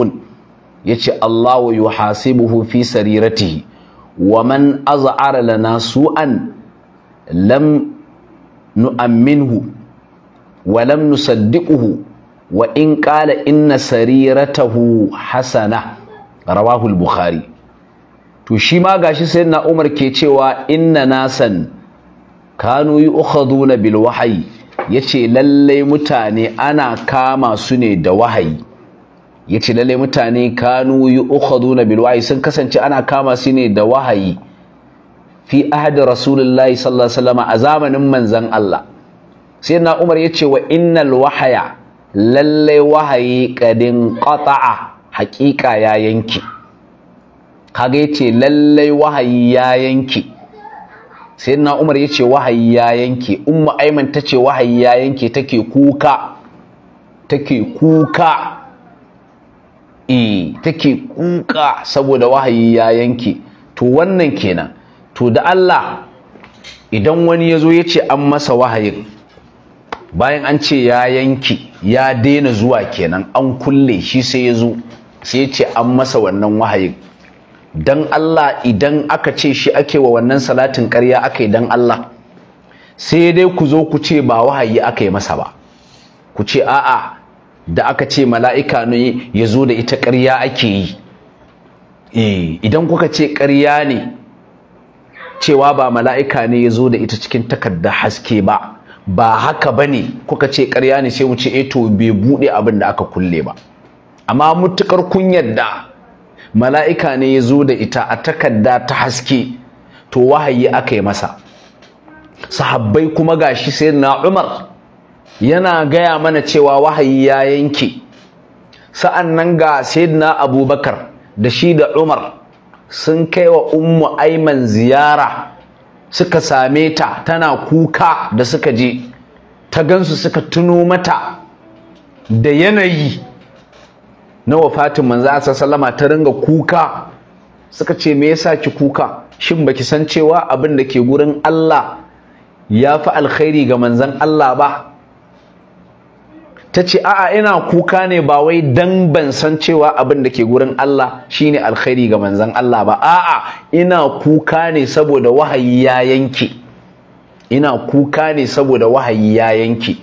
[SPEAKER 1] يتي الله يحاسبه في سريرته wa man az'ara lana su'an lam nu'amminhu wa lam nusaddiquhu wa in qala inna sariratahu hasana rawahu al-bukhari to shi ma gashi sayyidina Umar ke cewa inna nasan kanu yu'khaduna bil wahyi yace lallai mutane ana kama su ne da wahayi ya ce lallai mutane kanu yi ukhadu na wahayi sun kasance ana kama su ne da wahayi fi ahadi rasulullahi sallallahu alaihi a zamanin manzon Allah sai na Umar ya ce wa innal wahaya lallai wahayi kadin qata'a haƙiƙa ya yanki kaga ya ce lallai wahayi ya yanki sai na Umar ya ce wahayi ya yanki umma aiman ta ce wahayi ya yanke take kuka take kuka e take kuka saboda wahayi ya yanke to wannan kenan to da Allah idan wani ya zo ya ce an masa wahayin bayan an ce ya yanke ya daina zuwa kenan an kulle shi sai ya zo sai ya ce an masa wannan wahayin dan Allah idan aka ce shi ake wa wannan salatin ƙarya aka yi dan Allah sai dai ku zo ku ce ba wahayi aka yi masa ba ku ce a'a da aka ce mala'ika ne ya zo da ita ƙarya ake yi eh, idan kuka ce ƙarya ne cewa ba mala'ika ne ya zo da ita cikin takarda haske ba ba haka ba ne kuka ce ƙarya ne sai mu eto eh bai buɗe abin da aka kulle ba amma mutuƙar kun yadda mala'ika ne ya zo da ita a takarda ta haske to wahayi aka yi masa sahabbai kuma gashi sai na umar yana gaya mana cewa wahayi ya yanke sa'an nan ga sayyidina abubakar da shi da umar sun kai wa ummu aiman ziyara suka same ta tana kuka da suka je ta gansu suka tuno mata da yanayi na wafatin manzo a sassalama ta ringa kuka suka ce me yasa ki kuka shin baki san cewa abin da ke gurin Allah ya fi alkhairi ga manzon Allah ba ta ce a'a ina kuka ne ba wai dan ban san cewa abin da ke gurin Allah shine alkhairi ga manzon Allah ba a'a ina kuka ne saboda wahayi ya yanke ina kuka ne saboda wahayi ya yanke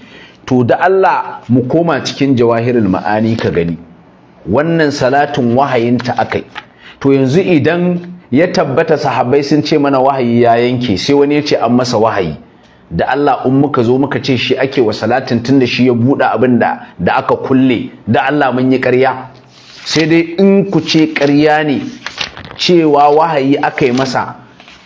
[SPEAKER 1] to da Allah mu koma cikin jawahirul ma'ani ka gani wannan salatin wahayinta akai to yanzu idan ya tabbata sahabbai sun ce mana wahayi ya yanke sai wani ya ce an masa wahayi da Allah in muka zo muka ce shi ake wa salatin da shi ya buɗe abin da aka kulle da Allah mun yi ƙarya sai dai in ku ce ƙarya ne cewa wahayi aka yi masa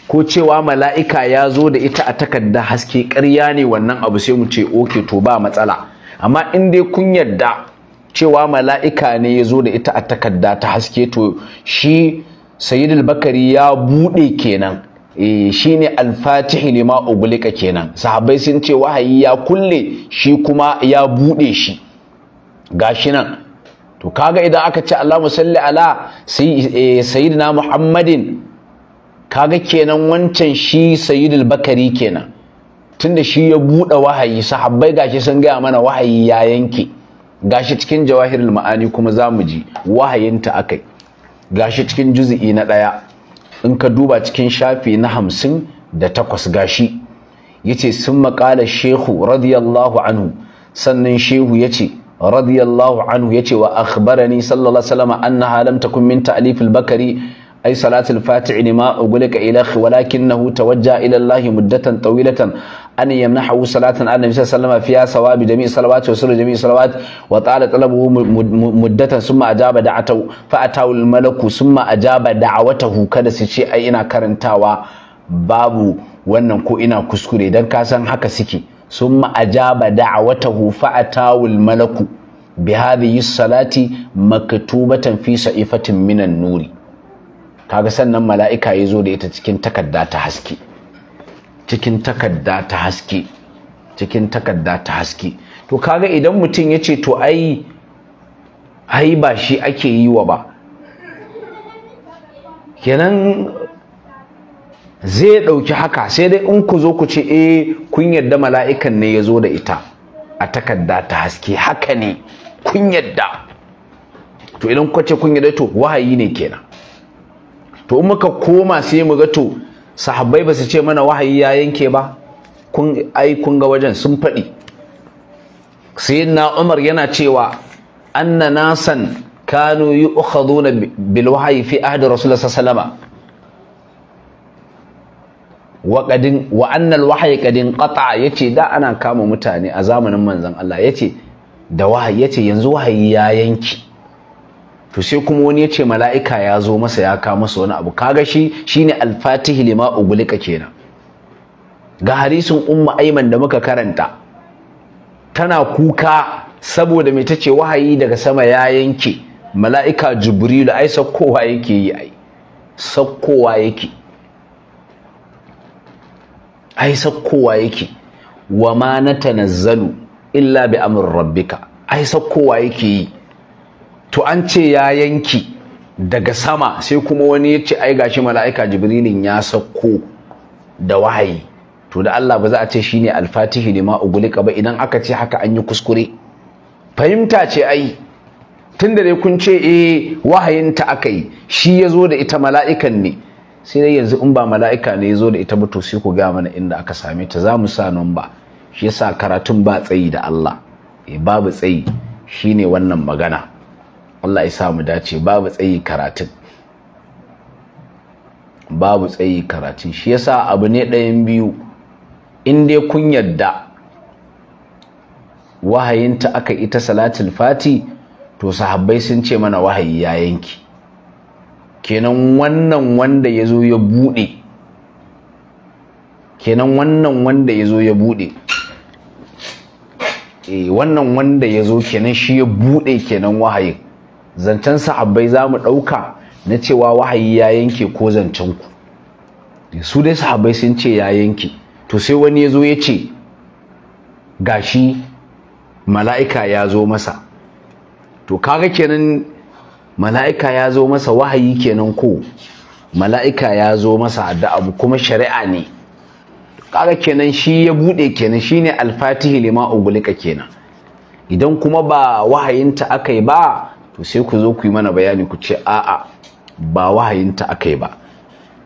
[SPEAKER 1] ko cewa mala'ika ya zo da ita a takarda haske ƙarya ne wannan abu sai mu ce oke to ba matsala amma in dai kun yarda cewa mala'ika ne ya zo da ita a takarda ta haske to shi sayyidul bakari ya buɗe kenan Eh, shine alfatihi ma ugulika kenan Sahabai sun ce wahayi ya kulle shi kuma ya bude shi gashi nan to kaga idan aka ce Allah salli ala eh, sayyidina Muhammadin kaga kenan wancan shi sayyidul bakari kenan tunda shi ya bude wahayi sahabbai gashi sun gaya mana wahayi ya yanke gashi cikin jawahirul ma'ani kuma zamu ji wahayinta akai gashi cikin juz'i na ɗaya. in ka duba cikin shafi na hamsin da takwas gashi yace sun maƙala shehu radiyallahu anhu sannan shehu yace radiyallahu anhu yace wa akhbarani sallallahu alaihi wasallam annaha lam takun min ta'lif al-bakari ay salatul al-fati'i lima ugulika ilahi walakinahu tawajja ila Allah muddatan tawilatan أن يمنحه صلاة عن النبي صلى الله عليه وسلم فيها ثواب جميع الصلوات وسر جميع الصلوات وطال طلبه مدة ثم أجاب دعته فأتاه الملك ثم أجاب دعوته kada su ce إنا ina karantawa babu wannan ko ina kuskure dan ka san haka suke summa ajaba da'watahu fa atawul malaku bi hadhihi salati maktubatan fi sa'ifatin minan nuri kaga sannan mala'ika yazo da ita cikin takarda ta haske cikin takarda ta haske cikin takarda ta haske to kaga idan mutum ya ce to ai ai ba shi ake yi wa ba kenan zai ɗauki haka sai dai in ku zo ku ce eh kun yarda mala'ikan ne ya zo da ita a takarda ta haske haka ne kun yarda to idan kwace kun yarda to wahayi ne kenan to in muka koma sai mu ga to sahabbai ba su ce mana wahayi ya yanke ba kun ai kun ga wajen sun faɗi sayyidina Umar yana cewa anna nasan kanu yu'khaduna bil wahyi fi ahdi rasulullah sallallahu wa qadin wa anna al wahyi qadin qata yace da ana kama mutane a zamanin manzon Allah yace da wahayi yace yanzu wahayi ya yanki to sai kuma wani ya ce mala'ika ya zo masa ya kawo masa wani abu kaga shi shine alfatihi lima ugulika kenan ga harisun umma aiman da muka karanta tana kuka saboda mai tace wahayi daga sama ya yanke mala'ika jibrilu ai sakkowa yake yi ai sakkowa yake ai sakkowa yake wa ma natanazzalu illa bi amrin rabbika ai sakkowa yake yi to an ce ya yanki daga sama sai kuma wani ya ce ai gashi mala'ika jibrilin ya sauko da wahayi to da Allah ba za a ce shine alfatihi ma ugulika ba idan aka ce haka an yi kuskure fahimta ce ai tun da dai kun ce eh ta aka yi shi ya zo da ita mala'ikan ne sai dai yanzu in ba mala'ika ne ya zo da ita ba to sai ku ga mana inda aka same ta za mu sa nan ba shi yasa karatun ba tsayi da Allah eh, babu tsayi shine wannan magana Allah ya sa mu dace babu tsayi karatun babu tsayi karatun shi yasa abu ne ɗayan biyu in dai kun yadda wahayinta aka ita salatul fati to sahabbai sun ce mana wahayi ya yanki kenan wannan wanda ya zo ya buɗe kenan wannan wanda ya zo ya buɗe eh, wannan wanda ya zo kenan shi ya buɗe kenan wahayin zancen sahabbai za mu ɗauka na cewa wahayi ya yanke ko zancen ku su dai sahabbai sun ce ya yanke to sai wani yazo zo ya ce gashi mala'ika ya zo masa to kaga kenan mala'ika ya zo masa wahayi kenan ko mala'ika ya zo masa da abu kuma shari'a ne kaga kenan shi ya bude kenan shine alfatihi lima ugulika kenan idan kuma ba wahayinta aka yi ba to sai ku zo ku yi mana bayani ku ce a'a ba wahayinta aka yi ba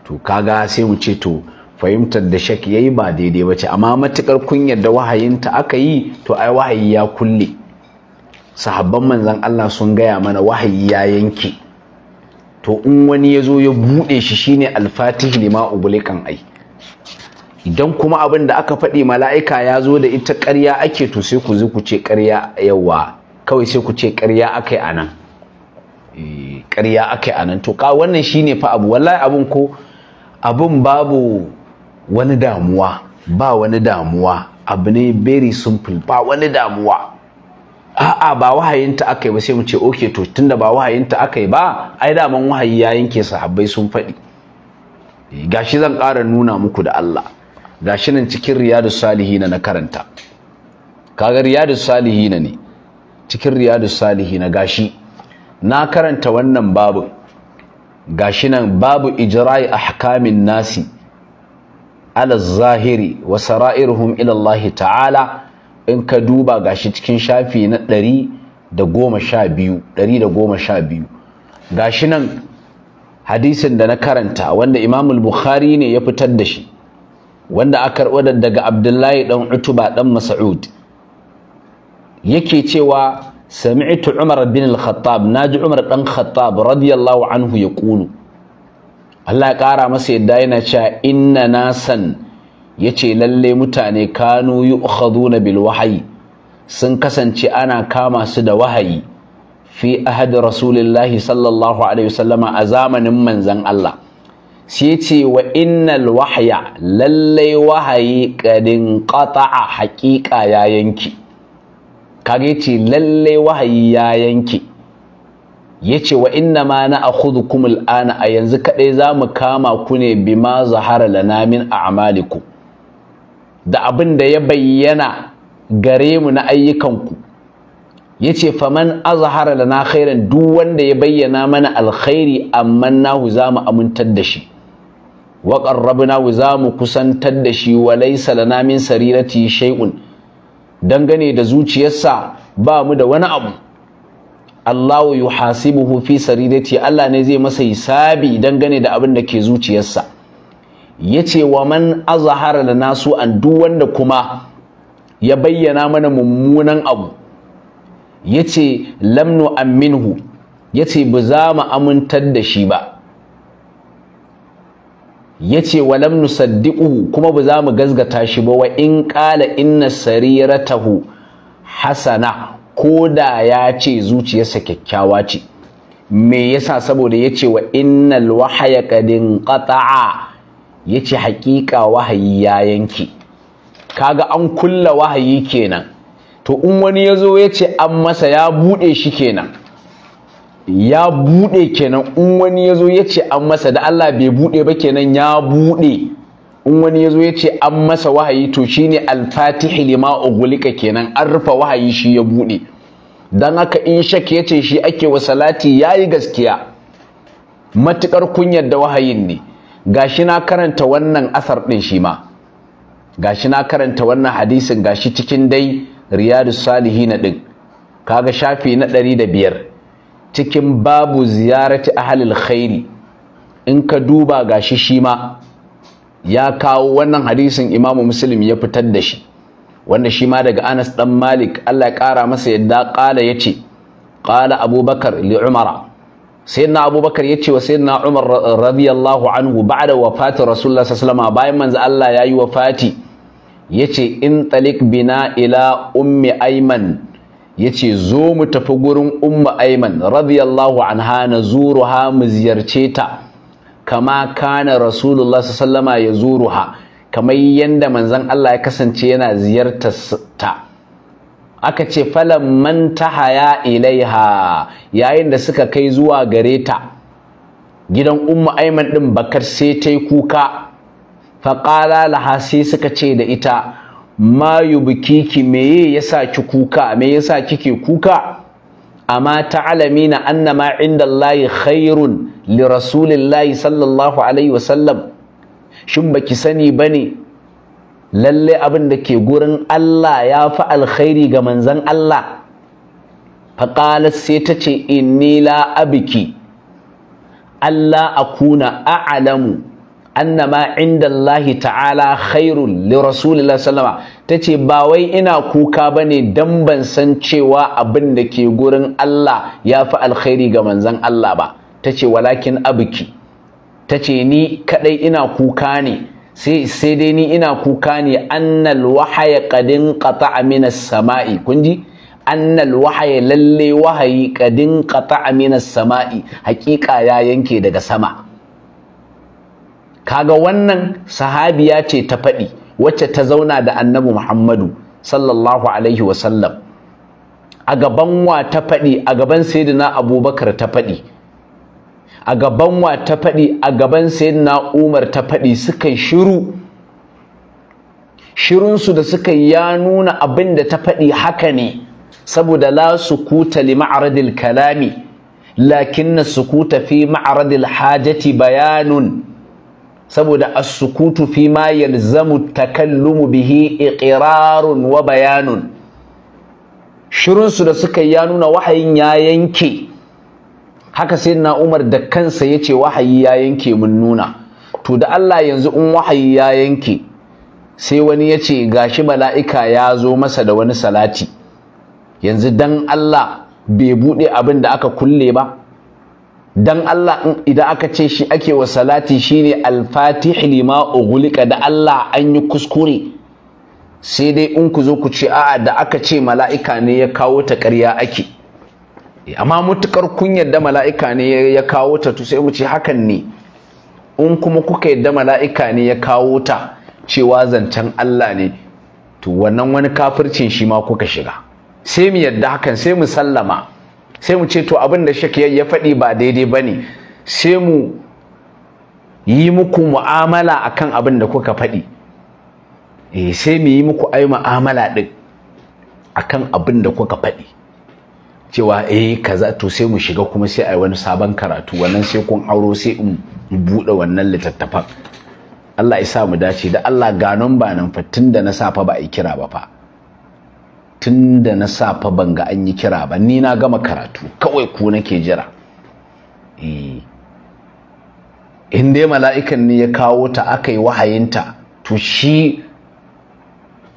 [SPEAKER 1] to kaga sai mu ce to fahimtar da shak yayi ba daidai ba ce amma matukar kun yarda wahayinta aka yi to ai wahayi ya kulle sahabban manzan Allah sun gaya mana wahayi ya yanke to in wani ya zo ya buɗe shi shine alfatih lima ubulikan ai idan kuma abin da aka faɗi mala'ika ya zo da ita ƙarya ake to sai ku zo ku ce ƙarya yawa kawai sai ku ce ƙarya aka yi a nan ƙarya aka yi a nan to ka wannan shine fa abu wallahi abun ko abun babu wani damuwa ba wani damuwa abu ne very simple ba wani damuwa a'a ba wahayinta aka yi ba sai mu ce ok to tunda ba wahayinta aka yi ba ai daman wahayi ya yanke sahabbai sun faɗi eh, gashi zan ƙara nuna muku da Allah gashi nan cikin riyadu salihi na karanta kaga riyadu na ne cikin riyadu na gashi na karanta wannan babu gashi nan babu ijra'i ahkamin nasi ala zahiri wa sara'iruhum ila Allah ta'ala in ka duba gashi cikin shafi na 112 Ga gashi nan hadisin da na karanta wanda Imam al-Bukhari ne ya fitar da shi wanda aka karɓo daga Abdullahi dan Utuba dan Mas'ud yake cewa sami'tu Umar bin al naji Umar dan Khattab radiyallahu anhu ya kulu Allah ƙara kara masa yadda yana cewa inna nasan yace lallai mutane kanu yu'khaduna bil wahyi sun kasance ana kama su da wahayi fi ahad rasulillahi sallallahu alaihi wasallama a zamanin manzon Allah sai yace wa innal wahya lallai wahayi qadin qata'a haƙiƙa ya yanki kaga yace lalle wahayi ya yanke yace wa inna ma na akhudhukum al'ana a yanzu kadai zamu kama ku ne bima zahara lana min a'malikum da abin da ya bayyana gare mu na ayyukanku yace faman azhara lana khairan duk wanda ya bayyana mana alkhairi amma nahu zamu amintar da shi wa nahu zamu kusantar da shi wa laysa lana min sarirati shay'un dangane da zuciyarsa ba mu da wani abu Allahu yuhasibuhu fi sarirati Allah ne zai masa hisabi dangane da abin da ke zuciyarsa yace wa man azhara da Nasu an duk wanda kuma ya bayyana mana mummunan abu yace lamnu aminhu yace ba za mu amintar da shi ba Ya yace walam nusaddiquhu kuma ba za mu gazgata shi ba wa in qala inna sariratahu hasana ko da ya ce zuciyarsa kyakkyawa ce me yasa saboda ya ce wa innal wahaya qadin qata'a ce haƙiƙa wahayi ya yanke kaga an kulla wahayi kenan to in wani yazo ce an masa ya bude shi kenan ya buɗe kenan in wani yazo zo ya ce an masa da Allah bai buɗe ba kenan ya buɗe in wani yazo zo ya ce an masa wahayi to shine al alfatihi lima ugulika kenan an rufe wahayi shi ya buɗe dan haka in shak ya ce shi ake wa salati yayi gaskiya matukar kunyar da wahayin ne gashi na karanta wannan asar din shi ma gashi na karanta wannan hadisin gashi cikin dai riyadus salihin din kaga shafi na ɗari da biyar. cikin babu ziyarati ahalil khairi in ka duba ga shi ma ya kawo wannan hadisin imamu muslim ya fitar da shi wanda shi ma daga anas dan malik allah ya kara masa yadda kala ya ce kala abubakar li umara na abubakar ya ce wa na umar radiyallahu anhu da wafatin rasulullah sallallahu bayan manzo allah ya yi wafati ya ce in talik bina ila ummi aiman yace zo mu tafi gurin umma aiman radiyallahu anha na zuruha mu ziyarce ta kama kana rasulullah sallama ya zuruha kamar yadda manzon Allah ya kasance yana ziyartar ta aka ce falan man tahaya ilaiha yayin da suka kai zuwa gare ta gidan umma aiman din bakar sai tai kuka faqala laha sai suka ce da ita ma yubkiki meye yasa ki kuka me yasa kike kuka amma ta'alamina annama indallahi khairun li rasulillahi sallallahu alaihi wasallam shin baki sani bane lalle abin da ke gurin Allah ya fa alkhairi ga manzon Allah faqalat sai ta ce inni la abiki Allah akuna a'lamu annama inda Allah ta'ala khairul li rasulillah sallama tace ba wai ina kuka bane dan ban san cewa abin da ke gurin Allah ya fi alkhairi ga manzon Allah ba tace walakin abki tace ni kadai ina kuka ne sai dai ni ina kuka ne annal wahaya qadin qata'a minas sama'i kun ji annal wahaya lalle wahayi qadin qata'a sama'i haƙiƙa ya yanke daga sama kaga wannan sahabiya ce ta faɗi wacce ta zauna da annabi Muhammadu sallallahu alaihi wasallam a gaban wa ta faɗi a gaban sayyidina Abubakar ta faɗi a gaban wa ta faɗi a gaban sayyidina Umar ta faɗi suka shiru shirunsu da suka ya nuna abin da ta faɗi haka ne saboda la sukuta li ma'radil kalami lakin na sukuta fi ma'radil hajati bayanun saboda asukutu sukutu fi ma yalzamu takallumu bihi iqrarun wa bayanun shirun su da suka ya nuna wahayin ya yanke haka sai na Umar da kansa yace wahayi ya yanke mun nuna to da Allah yanzu in wahayi ya yanke sai wani yace gashi mala'ika ya zo masa da wani salati yanzu dan Allah bai bude abin da aka kulle ba dan Allah idan aka ce shi ake wa salati shine al-fatih lima ughliqa da Allah an yi kuskure sai dai in ku zo ku ce a'a da aka ce mala'ika ne ya kawo ta ƙarya ake eh, amma mutukar kun yadda mala'ika ne ya kawo ta to sai mu ce hakan ne in kuma kuka yarda mala'ika ne ya kawo ta cewa zancen Allah ne to wannan wani kafircin shi ma kuka shiga sai mu yadda hakan sai mu sallama sai mu ce to abin da shek ya faɗi ba daidai ba ne sai mu yi muku mu'amala a kan abin da kuka faɗi eh, sai mu yi muku ai mu'amala ɗin a kan abin da kuka faɗi cewa eh kaza to sai mu shiga kuma sai yi wani sabon karatu wannan sai kun auro sai in buɗe wannan littattafan Allah ya sa mu dace da Allah ga ba nan fa tunda na safa ba a kira ba fa tun da na safa ban ga an yi kira ba ni na gama karatu kawai ku nake jira eh in dai mala'ikan ne ya kawo ta aka yi wahayinta to shi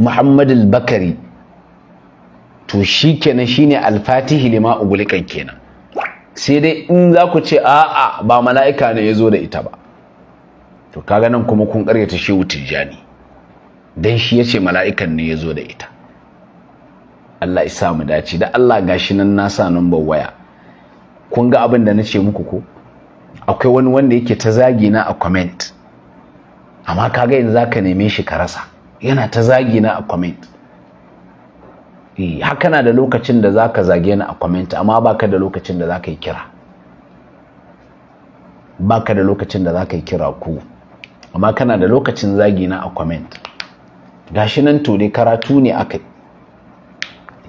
[SPEAKER 1] al bakari to shi kenan shine Al-Fatihil alfatihi lima ugulikan kenan sai dai in za ku ce a'a ba mala'ika ne yazo da ita ba to kaga nan kuma kun karyata shehu tijjani dan shi yace mala'ikan ne yazo da ita Allah ya sa mu dace da Allah gashi nan na sa number waya kun ga abin da na ce muku ko akwai wani wanda yake ta zagi na a comment amma kaga yanzu zaka neme shi ka rasa yana ta zagi na a comment eh haka na da lokacin da zaka zage ni a comment amma baka da lokacin da zaka yi kira baka da lokacin da zaka yi kira ku amma kana da lokacin zagi na a comment gashi nan to dai karatu ne akai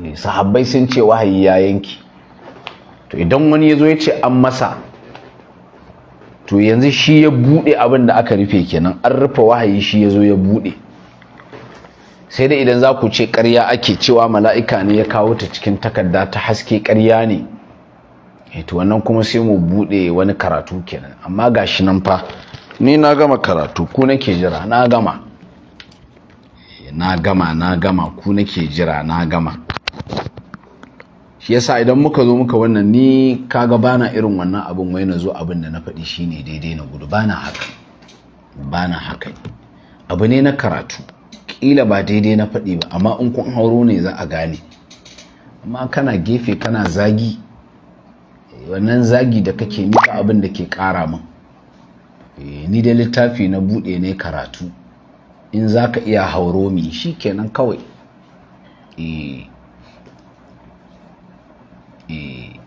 [SPEAKER 1] Eh, sahabbai sun ce wahayi ya yanki to idan wani yazo zo ya ce an masa to yanzu shi ya buɗe abin da aka rufe kenan an rufe wahayi shi ya zo ya buɗe sai da idan za ku ce ƙarya ake cewa mala'ika ne ya kawo ta cikin takarda ta haske ƙarya ne eh, to wannan kuma sai mu buɗe wani karatu kenan amma ga shi nan fa ni na gama karatu ku nake jira na gama eh, na gama na gama ku nake jira na gama shi yasa idan muka zo muka wannan ni kaga bana irin wannan abin wai na zo abin da na faɗi shine daidai na gudu bana haka bana haka abu ne na karatu kila ba daidai na faɗi ba amma in kun hauro ne za a gane amma kana gefe kana zagi eh, wannan zagi da kake nika abin da ke ƙara min eh, ni da littafi na buɗe ne karatu in za ka iya hauro mi shi kenan kawai eh, y eh.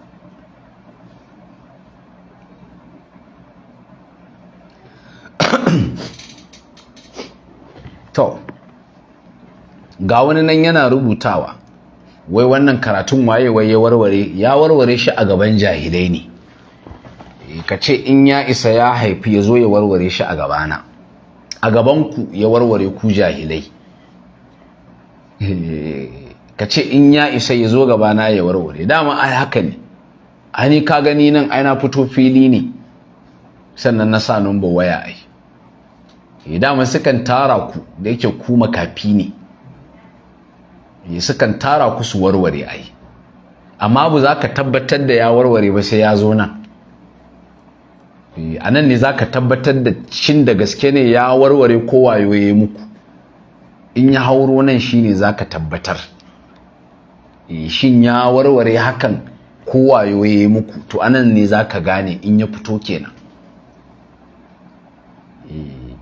[SPEAKER 1] to ga wani nan yana rubutawa wai wannan karatun waye waye warware ya warware shi a gaban jahilai ne eh, ka ce in ya isa ya haifi ya zo ya warware shi a gabana a gabanku ya warware ku jahilai eh, ka ce in ya isa ya zo gaba na ya warware dama ai haka ne ani ka gani nan ai fito fili ne sannan na sa number waya ai eh, dama sukan tara ku da yake ku makafi ne eh, kan tara ku su warware ai amma bu za ka tabbatar da ya warware ba sai ya zo nan eh, a nan ne za ka tabbatar da cin da gaske ne ya warware ko wayoye muku in ya hauro nan shine za ka tabbatar Eh, shin ya warware hakan ko muku to anan ne za ka gane in ya fito kenan eh,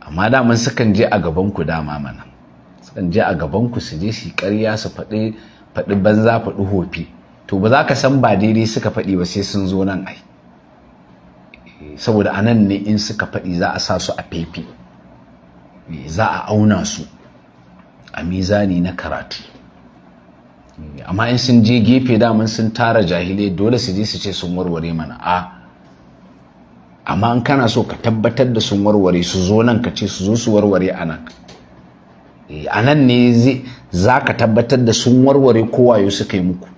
[SPEAKER 1] amma daman sukan je a gabanku dama mana sukan je a gabanku su je su karya su faɗi faɗi banza faɗi hofi to ba za ka san ba daidai suka faɗi ba sai sun zo nan ai eh, saboda anan ne in suka faɗi za a sa su a fefe za a auna su a mizani na karatu amma in sun je gefe daman sun tara jahilai dole su je su ce sun warware mana a amma in kana so ka tabbatar da sun warware su zo nan ka ce su zo su warware a nan e, a nan ne za ka tabbatar da sun warware ko wayo suka yi muku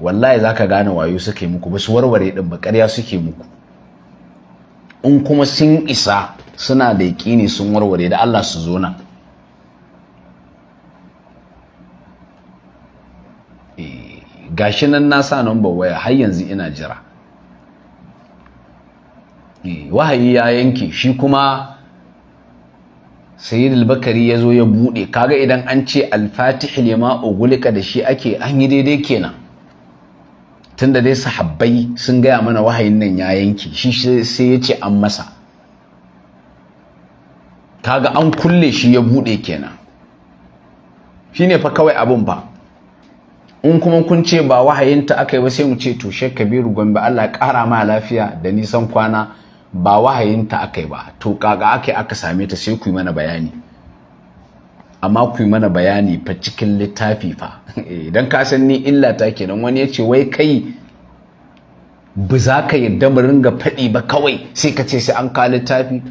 [SPEAKER 1] wallahi za ka gane wayo suka yi muku ba su warware din ba karya suke muku in kuma sun isa suna da yaƙini sun warware da Allah su zo nan gashi nan na sa number waya har yanzu ina jira eh, wahayi ya yanke shi kuma sayyid al-bakari ya zo ya buɗe kaga idan an ce al-fatih lima ugulika da shi ake an yi daidai kenan tunda dai sahabbai sun gaya mana wahayin nan ya yanke shi sai ya ce an masa kaga an kulle shi ya buɗe kenan shine fa kawai abin ba in kuma kun ce ba wahayinta aka yi ba sai mu ce to shek kabiru gombe allah kara ma lafiya da nisan kwana ba wahayinta aka yi ba to kaga aka aka same ta sai ku yi mana bayani amma ku yi mana bayani fa cikin littafi fa *laughs* eh, idan ka san ni illa ta kenan wani ya ce wai kai ba za ka yarda mu ringa faɗi ba kawai sai ka ce sai an ka littafi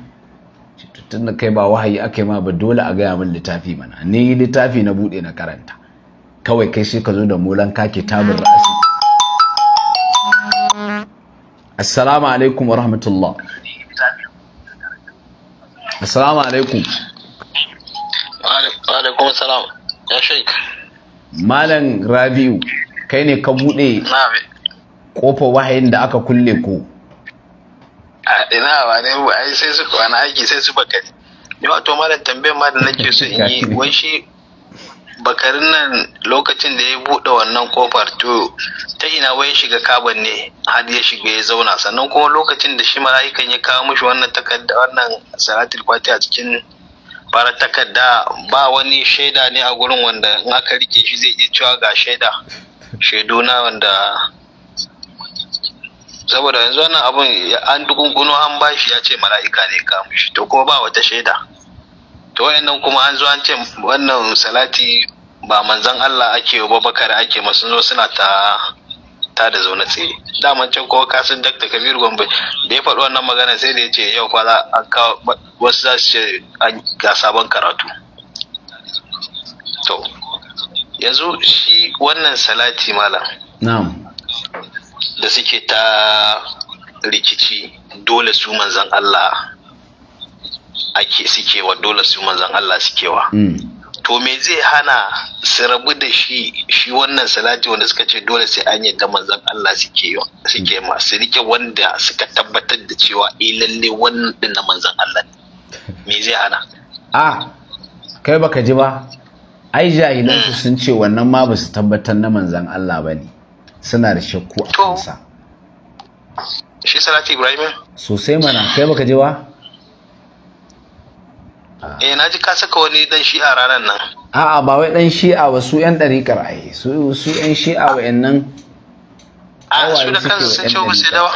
[SPEAKER 1] tun da kai ba wahayi aka yi ma ba dole a gaya min littafi mana ni littafi na buɗe na karanta kawai kai shi ka zo da molan ka da ra'asi assalamu alaikum wa rahmatullah assalamu alaikum
[SPEAKER 4] wa alaikum assalam ya shaik
[SPEAKER 1] malam rabiu kai ne ka bude kofar wahayin da aka kulle ko
[SPEAKER 4] ina ba ne ai sai su ana aiki sai su bakari ni wato malam tambayar ma da nake so in yi wai shi bakarin nan lokacin da ya buɗe wannan kofar to ta ina wai shiga kabon ne har ya shiga ya zauna sannan kuma lokacin da shi mala'ikan ya kawo mishi wannan takarda wannan salatul a cikin fara takarda ba wani shaida ne a gurin wanda in aka rike shi zai iya cewa ga shaida shaidu na wanda saboda yanzu wannan abun an dugunguno an bashi ya ce mala'ika ne kamun shi to kuma ba wata shaida to wayannan kuma an zo an ce wannan salati ba manzan Allah ake ba bakar ake masu zo suna ta ta da zo na tsaye daman can kowa kasan dr Kabiru gombe da ya faɗi wannan magana sai da ya ce yau kwana an kawo wasu za su ce an ga sabon karatu to yanzu shi wannan salati malam na'am da suke
[SPEAKER 2] ta rikici dole su manzan Allah ake suke wa dole su manzan Allah suke wa
[SPEAKER 3] hmm.
[SPEAKER 4] to me zai hana su rabu da shi shi wannan salati wanda suka ce dole sai an yadda manzan Allah suke suke ma su rike wanda suka tabbatar da cewa eh lalle wannan din na manzan Allah
[SPEAKER 1] me zai hana a kai baka ji ba ai jahilan sun ce wannan ma ba su tabbatar na manzan Allah ba ne suna da shakku a kansa
[SPEAKER 4] shi salati ibrahim
[SPEAKER 1] sosai mana kai baka ji ba
[SPEAKER 4] eh na ji ka saka wani dan shi'a ranar nan
[SPEAKER 1] a'a ba wai dan shi'a ba su yan dariƙar ai su su yan shi'a nan
[SPEAKER 4] a su da kansu sun ce wasu dawa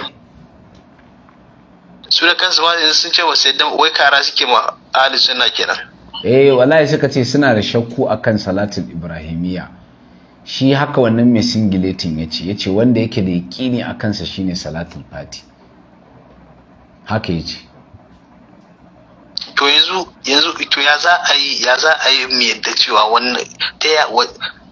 [SPEAKER 4] su da kansu ma sun ce sai dawa wai kara suke ma ahli sunna kenan
[SPEAKER 1] eh wallahi suka ce suna da shakku akan salatul ibrahimiyya shi haka wannan mai singiletin ya ce ya ce wanda yake da yaƙini a kansa shine salatul fati haka ya ce
[SPEAKER 4] to yanzu yanzu to ya za a yi ya za a yi mu yadda cewa wannan ta ya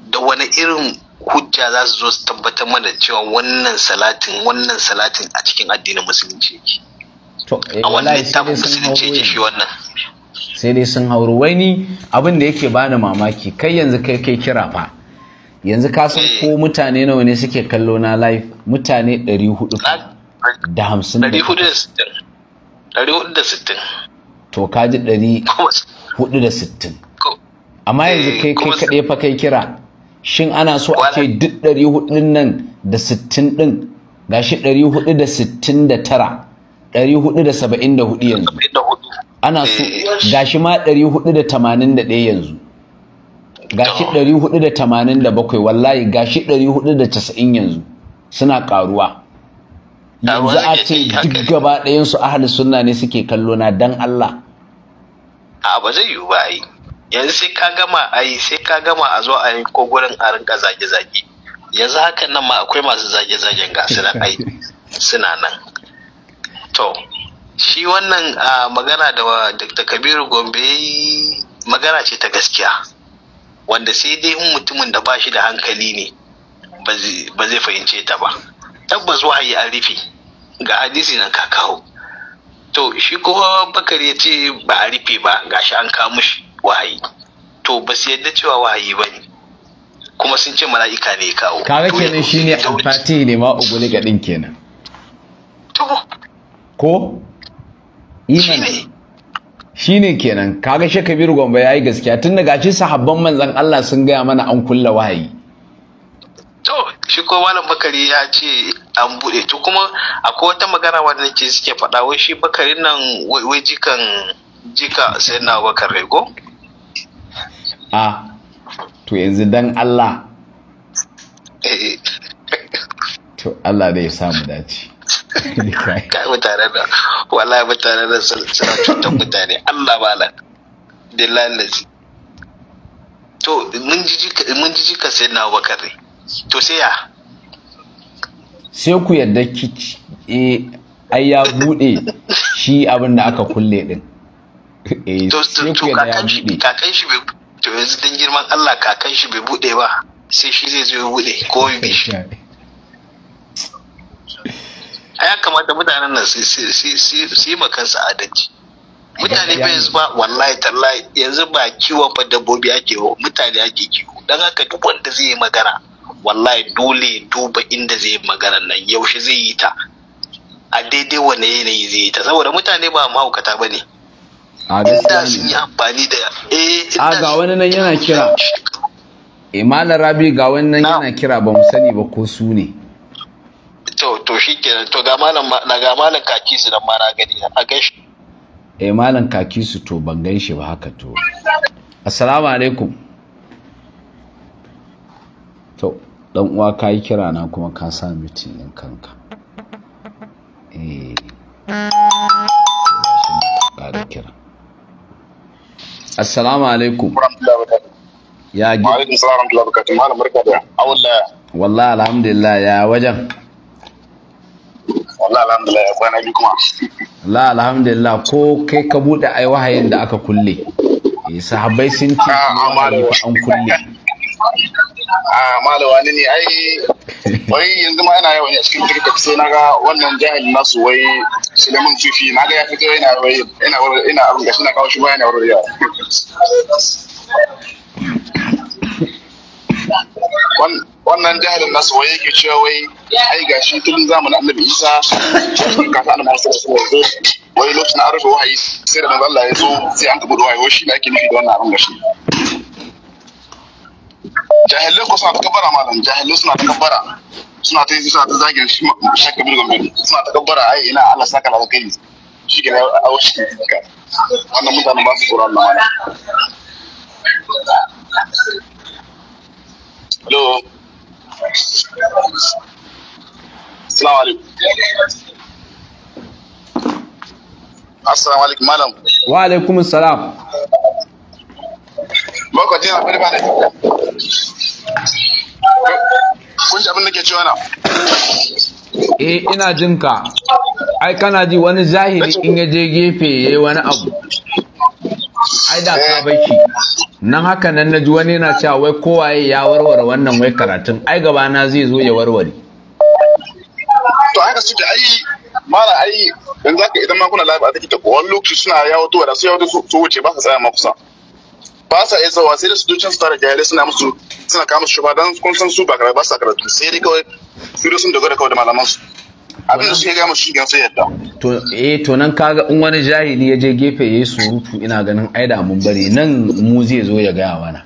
[SPEAKER 4] da wani irin hujja za su zo su tabbatar mana cewa wannan salatin wannan salatin a cikin addinin musulunci yake eh, a wannan tabin musulunci yake shi wannan
[SPEAKER 1] sai dai sun hauru wai ni abin da yake bani mamaki kai yanzu kai kai kira fa yanzu ka san ko eh. mutane nawa ne suke kallo na live mutane 400 da
[SPEAKER 2] 50
[SPEAKER 4] da 460
[SPEAKER 1] to ka ji ɗari hudu da sittin amma yanzu eh, kai kai kaɗai fa kai kira shin ana so a ce duk ɗari hudu nan da sittin ɗin gashi ɗari hudu da sittin da tara ɗari hudu da saba'in da hudu yanzu ana so eh. gashi ma ɗari hudu da tamanin da ɗaya yanzu gashi ɗari hudu da tamanin da bakwai wallahi gashi ɗari hudu da casa'in yanzu suna ƙaruwa yanzu a ce duk gaba ɗayan su sunna ne suke kallo na dan Allah
[SPEAKER 4] a ba zai yiwu ba yi. yanzu sai ka gama yi sai ka gama a zo a yi ko gurin a rinka zage-zage yanzu hakan nan ma akwai masu zage-zagen ga suna ai *laughs* suna nan to shi wannan magana da Dr. Kabiru Gombe magana ce ta gaskiya wanda sai dai mutumin da ba shi da hankali ne ba zai fahimce ta ba tabbas wahayi an rufe ga hadisi nan ka kawo to shi kowa bakar ya ce ba a rufe ba shi an kawo mushi wahayi to ba su yadda cewa wahayi ba ne kuma sun ce mala'ika ne ya kawo
[SPEAKER 1] kawo kenan shi ne alfati ne ma uguli ga din kenan to ko Shi ne kenan kaga shi kabiru gombe yi gaskiya tun daga shi sahabban manzan Allah sun gaya mana an kulla wahayi
[SPEAKER 4] to shi ko malam bakari ya ce an bude, to kuma akwai wata magana wanda nake suke faɗa wai shi bakarin nan wai jikan jika sai na bakar rego
[SPEAKER 1] a to yanzu dan Allah eh, eh. to Allah da ya samu dace *laughs* kai mutane da wala mutane
[SPEAKER 4] da suna cutar mutane Allah bala dillalazi to mun ji jika sai na bakar rego to sai ya
[SPEAKER 1] sai ku yadda kici eh ai ya bude shi abin da aka kulle din *laughs* eh sai
[SPEAKER 4] ku yadda ya bude kakan shi
[SPEAKER 1] bai to yanzu
[SPEAKER 4] dan girman Allah kakan shi bai bude ba sai shi zai zo ya bude ko bi shi a ya kamata mutanen nan su yi makansa adalci mutane ba yanzu ba wallahi tallahi yanzu ba kiwon fa dabbobi ake mutane ake kiwo don haka duk wanda zai yi magana wallahi dole duba inda zai magana nan yaushe zai yi ta a daidai wane yanayi zai yi ta saboda mutane ba mahaukata ba ne
[SPEAKER 1] inda sun yi amfani da eh, a ga wani nan yana kira Imanar eh, rabi ga wani nan yana kira ba mu sani ba ko su ne
[SPEAKER 4] to to shi ke to ga malam na ga malam kaki su nan mara gani a gaishe
[SPEAKER 1] eh malam kaki su to ban gan shi ba haka to assalamu alaikum dan uwa ka yi kira na kuma ka sa mitin kanka eh. assalamu alaikum ya gi alaikum salam da alhamdulillah ya wajen wallah alhamdulillah ya kwana kuma ko kai ka bude ai wahayin da aka kulle eh, sahabbai sun ce ah, an kulle
[SPEAKER 2] a ah, malawa ne ne ai wai yanzu ma yana yawan a cikin tiktok sai na ga wannan jahil nasu wai suleiman tufi na ga ya fito yana wai yana yana abin gashi na kawo shi ba yana wurin yawa wannan jahilin nasu wai yake cewa wai ai gashi tun zamanin annabi isa kafin annabi isa yanzu wai lokacin an rufe wahayi sai da manzo Allah ya zo sai an kabu wahayi wai shi ne ake nufi da wannan abin shi. jahilai ko suna ta kabbara malam jahilai suna ta kabbara suna ta yi suna ta zagin shi shakka bin gombe suna ta kabbara ai ina Allah saka da kai shi ke a wasu ke ka wannan mutane ba su tsoron Allah malam hello assalamu alaikum assalamu alaikum malam
[SPEAKER 1] wa alaikum salam.
[SPEAKER 2] Boko jina bari ba kun ji abin da ke ci na
[SPEAKER 1] eh ina jin ka ai kana ji wani zahiri in ya je gefe ya yi wani abu ai da ka baki nan haka nan na ji wani yana cewa wai kowaye ya warware wannan wai karatun ai gaba na zai zo ya warware
[SPEAKER 2] to haka suke ai mara ai in zaka idan ma kuna lafiya take ta wani lokaci suna yawo to da su yawo su wuce ba su tsaya ma kusa ba sa isowa sai da su dukkan su tare yare suna musu suna kama su shuba don kun san su ba ba sa karatu sai dai kawai su da sun dogara kawai da malaman su abin da suke ga shi shigen su yadda
[SPEAKER 1] to eh to nan kaga in wani jahili ya je gefe yayi surutu ina ganin ai da mun bari nan mu zai zo ya gaya mana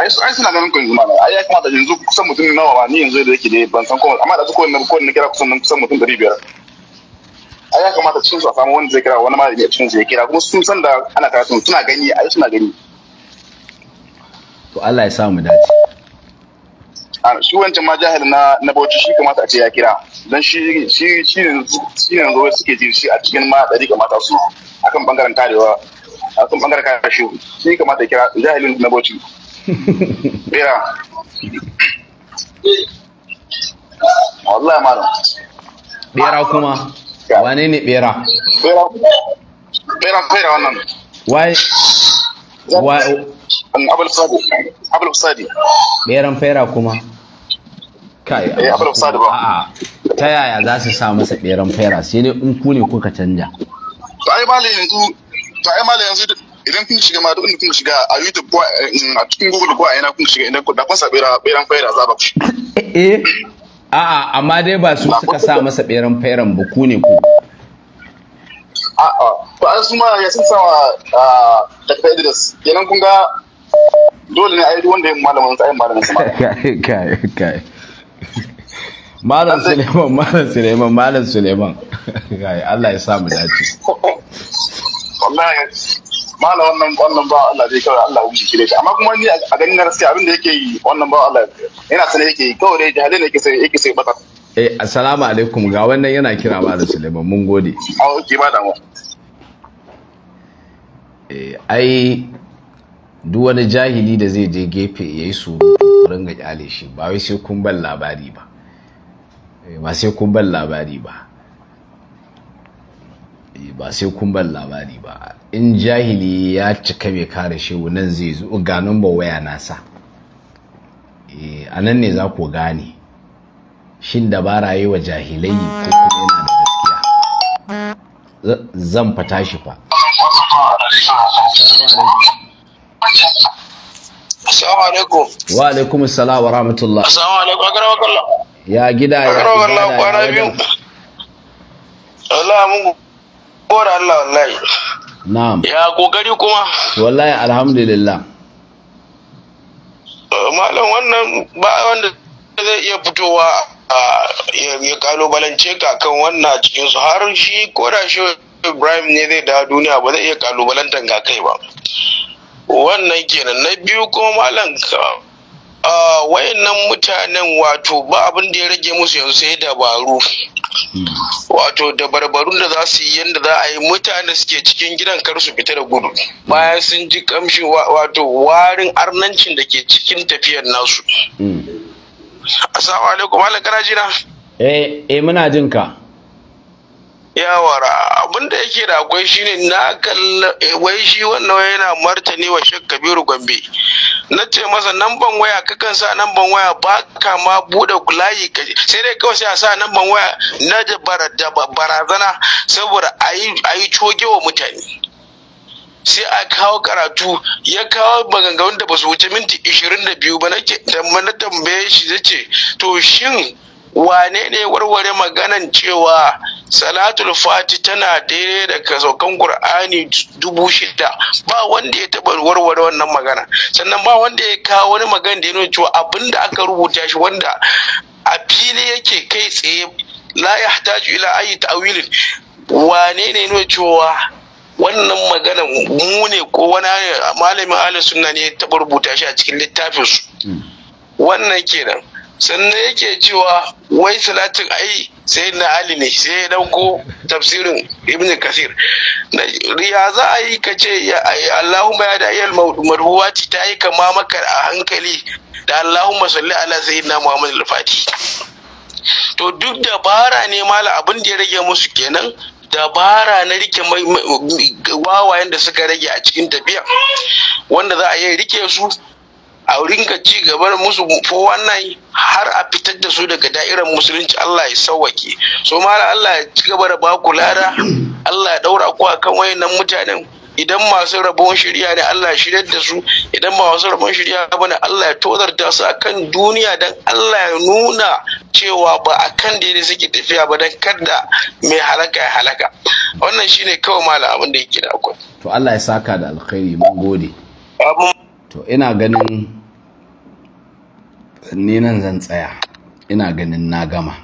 [SPEAKER 2] ai su ai suna ganin kun zuma ai ya kamata yanzu kusan mutum nawa ba, ni yanzu da yake da ban san ko amma da su ko ne kira kusan kusan mutum 500 a ya kamata cin su a samu wanda zai kira wani malami a cikin su ya kira kuma sun san da ana karatu suna gani a suna gani
[SPEAKER 1] to Allah ya sa mu dace
[SPEAKER 2] shi wancan ma jahil na na bauchi shi kamata a ce ya kira dan shi shi shi shi ne zo suke ji shi a cikin ma dari kamata su akan bangaren karewa akan bangaren kare shi shi kamata ya kira jahilin na bauchi ya *laughs* wallahi malam
[SPEAKER 1] bera kuma wane ne bera
[SPEAKER 2] bera bera wannan wai abul sadi abul sadi
[SPEAKER 1] beran fera kuma kai eh, abul sadi ba a'a ta yaya za su sa masa beran fera sai dai in ku ne kuka canja
[SPEAKER 2] to ai mali yanzu to ai mali yanzu idan kun shiga ma duk inda kun shiga a YouTube ko a mm, cikin Google ko a yana kun shiga idan kun da kun sa beran fera za ba ku eh, eh.
[SPEAKER 1] A'a, amma dai ba su suka sa masa beran fairan ba ku ne ku.
[SPEAKER 2] A'a, to an suma ya sun sawa Dr. Idris, kenan kun ga dole ne a yi wanda ya malamin sa yin malamin sa.
[SPEAKER 1] *laughs* Kai, kai, kai. Malam Suleiman, Malam Suleiman, Malam Suleiman. *laughs* Kai, Allah ya sa mu dace.
[SPEAKER 2] *laughs* Wallahi mala wannan wannan ba Allah dai kawai Allah wuce kire shi amma kuma ni a ganin gaskiya abin da yake yi wannan ba Allah yana sanin yake yi kawai dai jahalin yake sai yake sai bata
[SPEAKER 1] eh assalamu alaikum ga wannan yana kira ba da Suleiman mun gode a ah, oke ba mu eh ai duk wani jahili da zai je gefe yayi su ringa kyale shi ba wai sai kun ban labari ba eh, ba sai kun ban labari ba eh, ba sai kun ban labari ba in jahili ya cika mai kare shehu nan zai zo ga number waya nasa eh, a nan ne za ku gane shin dabara yi wa jahilai ko kuma yana da gaskiya zan fata shi fa Wa alaikum assalam wa rahmatullah. Assalamu
[SPEAKER 5] alaikum. Akarama kallah.
[SPEAKER 1] Ya gida ya gida. Akarama
[SPEAKER 5] kwana biyu. Allah mun gora Allah wallahi. na'am ya kokari kuma
[SPEAKER 1] wallahi alhamdulillah
[SPEAKER 5] eh, malam wannan ba wanda zai iya fitowa a ya kalubalance ka kan wannan cikin su har shi koda shi Ibrahim ne zai da duniya ba zai iya kalubalantar ga kai ba wannan kenan na biyu kuma malam Ah, wayannan mutanen wato ba abin da ya rage musu yanzu sai dabaru wato dabarbarun da za su yi yadda za a yi mutane suke cikin gidan kar su fita da gudu bayan sun ji kamshi wato warin arnancin da ke cikin tafiyar nasu hmm. assalamu alaikum malam jina
[SPEAKER 1] eh, eh muna jin ka
[SPEAKER 5] yawara abinda yake da akwai shine na kalla eh, wai shi wannan yana martani wa shek kabiru gombe na ce masa namban waya kakan sa namban waya ba ka ma bude layi sai dai kawai sai a sa namban waya na da barazana saboda a yi coge wa mutane sai a kawo karatu ya kawo maganganun da ba su wuce minti 22 ba na tambaye shi zai to shin wane ne warware maganan cewa salatul fati tana daidai da kasaukan qur'ani dubu shida ba wanda ya taba warware wannan magana sannan ba wanda ya kawo wani magana da ya nuna cewa abinda aka rubuta shi wanda a fili yake kai tsaye la yahtaju ila ayi ta'wilin wane ne nuna cewa wannan magana mu ne ko wani malamin ahlus sunna ne ya taba rubuta shi a cikin littafinsu? su hmm. wannan kenan sannan yake cewa wai salatin ai sai na ali ne sai ya dauko tafsirin ibn kasir ya za a yi ka ce allahumma ya da marhuwati ta yi kama maka a hankali da allahumma salli ala na muhammad al-fati to duk dabara ne mala abin da ya rage musu kenan dabara na rike wawayen da suka rage a cikin tafiya wanda za a yi rike su a ringa ci gaba da musu wannan har a fitar da su daga da'irar musulunci Allah ya sauwake so mala Allah ya ci gaba da baku lada Allah ya daura ku akan wayannan mutanen idan masu rabon shirya ne Allah ya shiryar da su idan ba masu rabon shirya ba ne Allah ya da su akan duniya don Allah ya nuna cewa ba a kan da suke tafiya ba don kada mai halaka ya halaka wannan shine kawai malam abin da yake da akwai
[SPEAKER 1] to Allah ya saka da alkhairi mun gode abun to ina ganin ni nan zan tsaya ina ganin na gama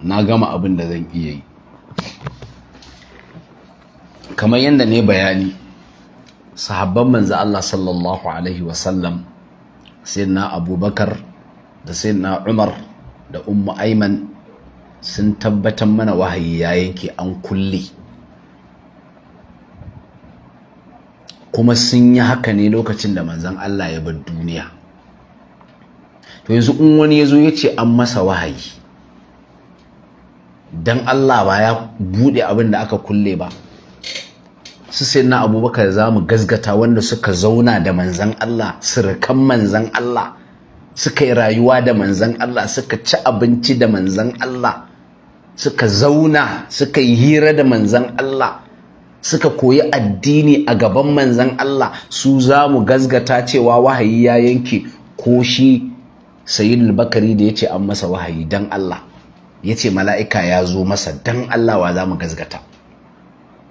[SPEAKER 1] na gama abin da zan iya yi kamar yadda ne bayani sahabban manzo Allah sallallahu alaihi wasallam na abubakar da na umar da ummu aiman sun tabbatar mana wahayi ya yanke an kulle kuma sun yi haka ne lokacin da manzon Allah ya bar duniya to yanzu in wani ya zo ya ce an masa wahayi dan Allah ba ya buɗe abin da aka kulle ba su sai na abubakar za mu gazgata wanda suka zauna da manzan Allah surukan manzan Allah suka yi rayuwa da manzan Allah suka ci abinci da manzan Allah suka zauna suka yi hira da manzan Allah suka koyi addini a gaban manzan Allah su za mu gazgata cewa wahayi ya yanke ko shi sayyidul bakari da ya ce an masa wahayi don Allah ya ce mala'ika ya zo masa don Allah wa za mu gazgata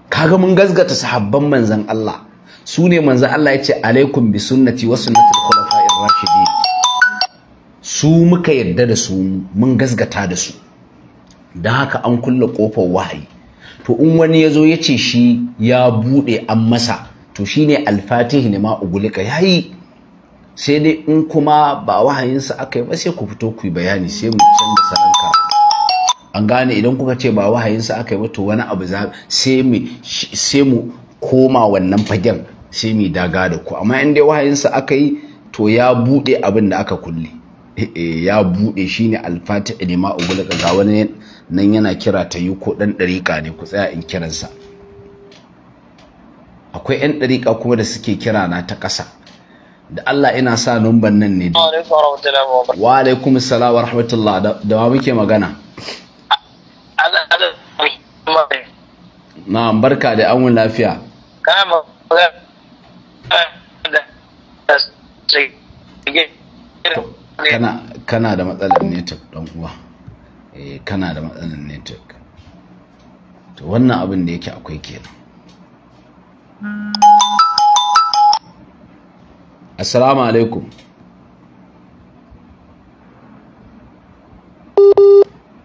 [SPEAKER 1] kaga mun gazgata sahabban manzan Allah su ne manzan Allah ya ce alaikum bi sunnati wa sunnatul su muka yarda da su mun gazgata da su don haka an kulle ƙofar wahayi to in wani ya zo ya ce shi ya buɗe an masa to shi ne alfatihi ne ma ugulika ya yi sai dai in kuma ba wahayinsa aka yi ba sai ku fito ku yi bayani sai mu canza salon karatu an gane idan kuka ce ba wahayinsa aka yi ba to wani abu sai mu koma wannan fagen sai mu daga da ku amma in dai wahayinsa aka yi to ya buɗe abin da aka kulle eh, eh, ya buɗe shine alfatihi ne ma ugulika ga wani nan yana kira ta yi ko ɗan ɗariƙa ne ku tsaya in kiransa akwai 'yan ɗariƙa kuma da suke kira na ta ƙasa da Allah ina sa numban nan ne wa alaikum salam wa rahmatullah da wa muke magana na barka da an lafiya kana da matsalar network dan uwa Eh, kana da matsalar network to wannan abin da yake akwai kenan assalamu alaikum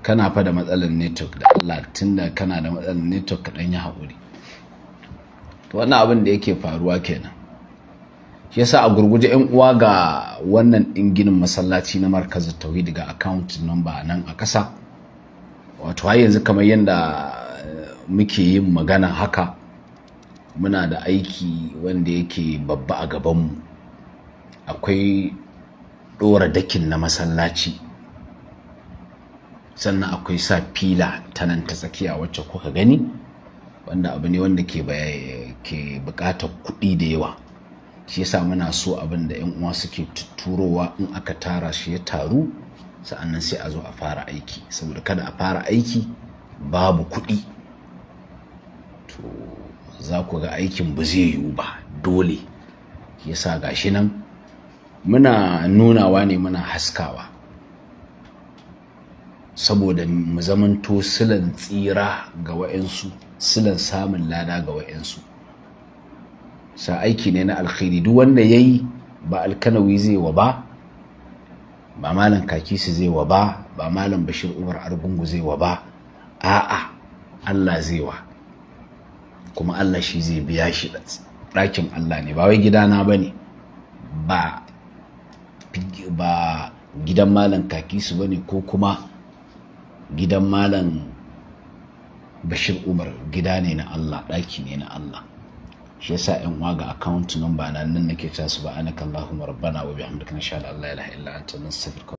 [SPEAKER 1] kana fa da matsalar network da Allah tunda kana da matsalar network ka dan yi haƙuri to wannan abin da yake faruwa kenan shi yasa a gurguje yan uwa ga wannan ɗin ginin masallaci na markazin tauhid ga account number nan a ƙasa wato har yanzu kamar yadda eh, muke yin magana haka muna da aiki wanda yake babba a gabanmu akwai ɗora dakin na masallaci sannan akwai sa fila ta nan ta tsakiya wacce kuka gani wanda abu ne wanda ke bukatar kuɗi da yawa shi yasa muna so abin da 'yan uwa suke tuturowa in aka tara shi ya taru sa'annan sai a zo a fara aiki saboda kada a fara aiki babu kuɗi to za ku ga aikin ba zai yiwu ba dole yasa gashi nan muna nunawa ne muna haskawa saboda mu zamanto silan tsira ga wa'insu silan samun lada ga wa'insu sa aiki ne na alkhairi duk wanda ya yi ba alkanawi zai wa ba ba malam kakisi zai wa ba ba malam bashir umar Argungu zai wa ba a'a allah zai wa kuma allah shi zai biya shi ɗakin allah ne ba wai gidana ba ne ba gidan malam kakisu ba ne ko kuma gidan malam bashir umar gida ne na allah ɗaki ne na allah shi yasa yan uwa ga account number na nan nake ta Allahumma rabbana wa bihamdika nashhadu Allah la ilaha illa anta nastaghfiruka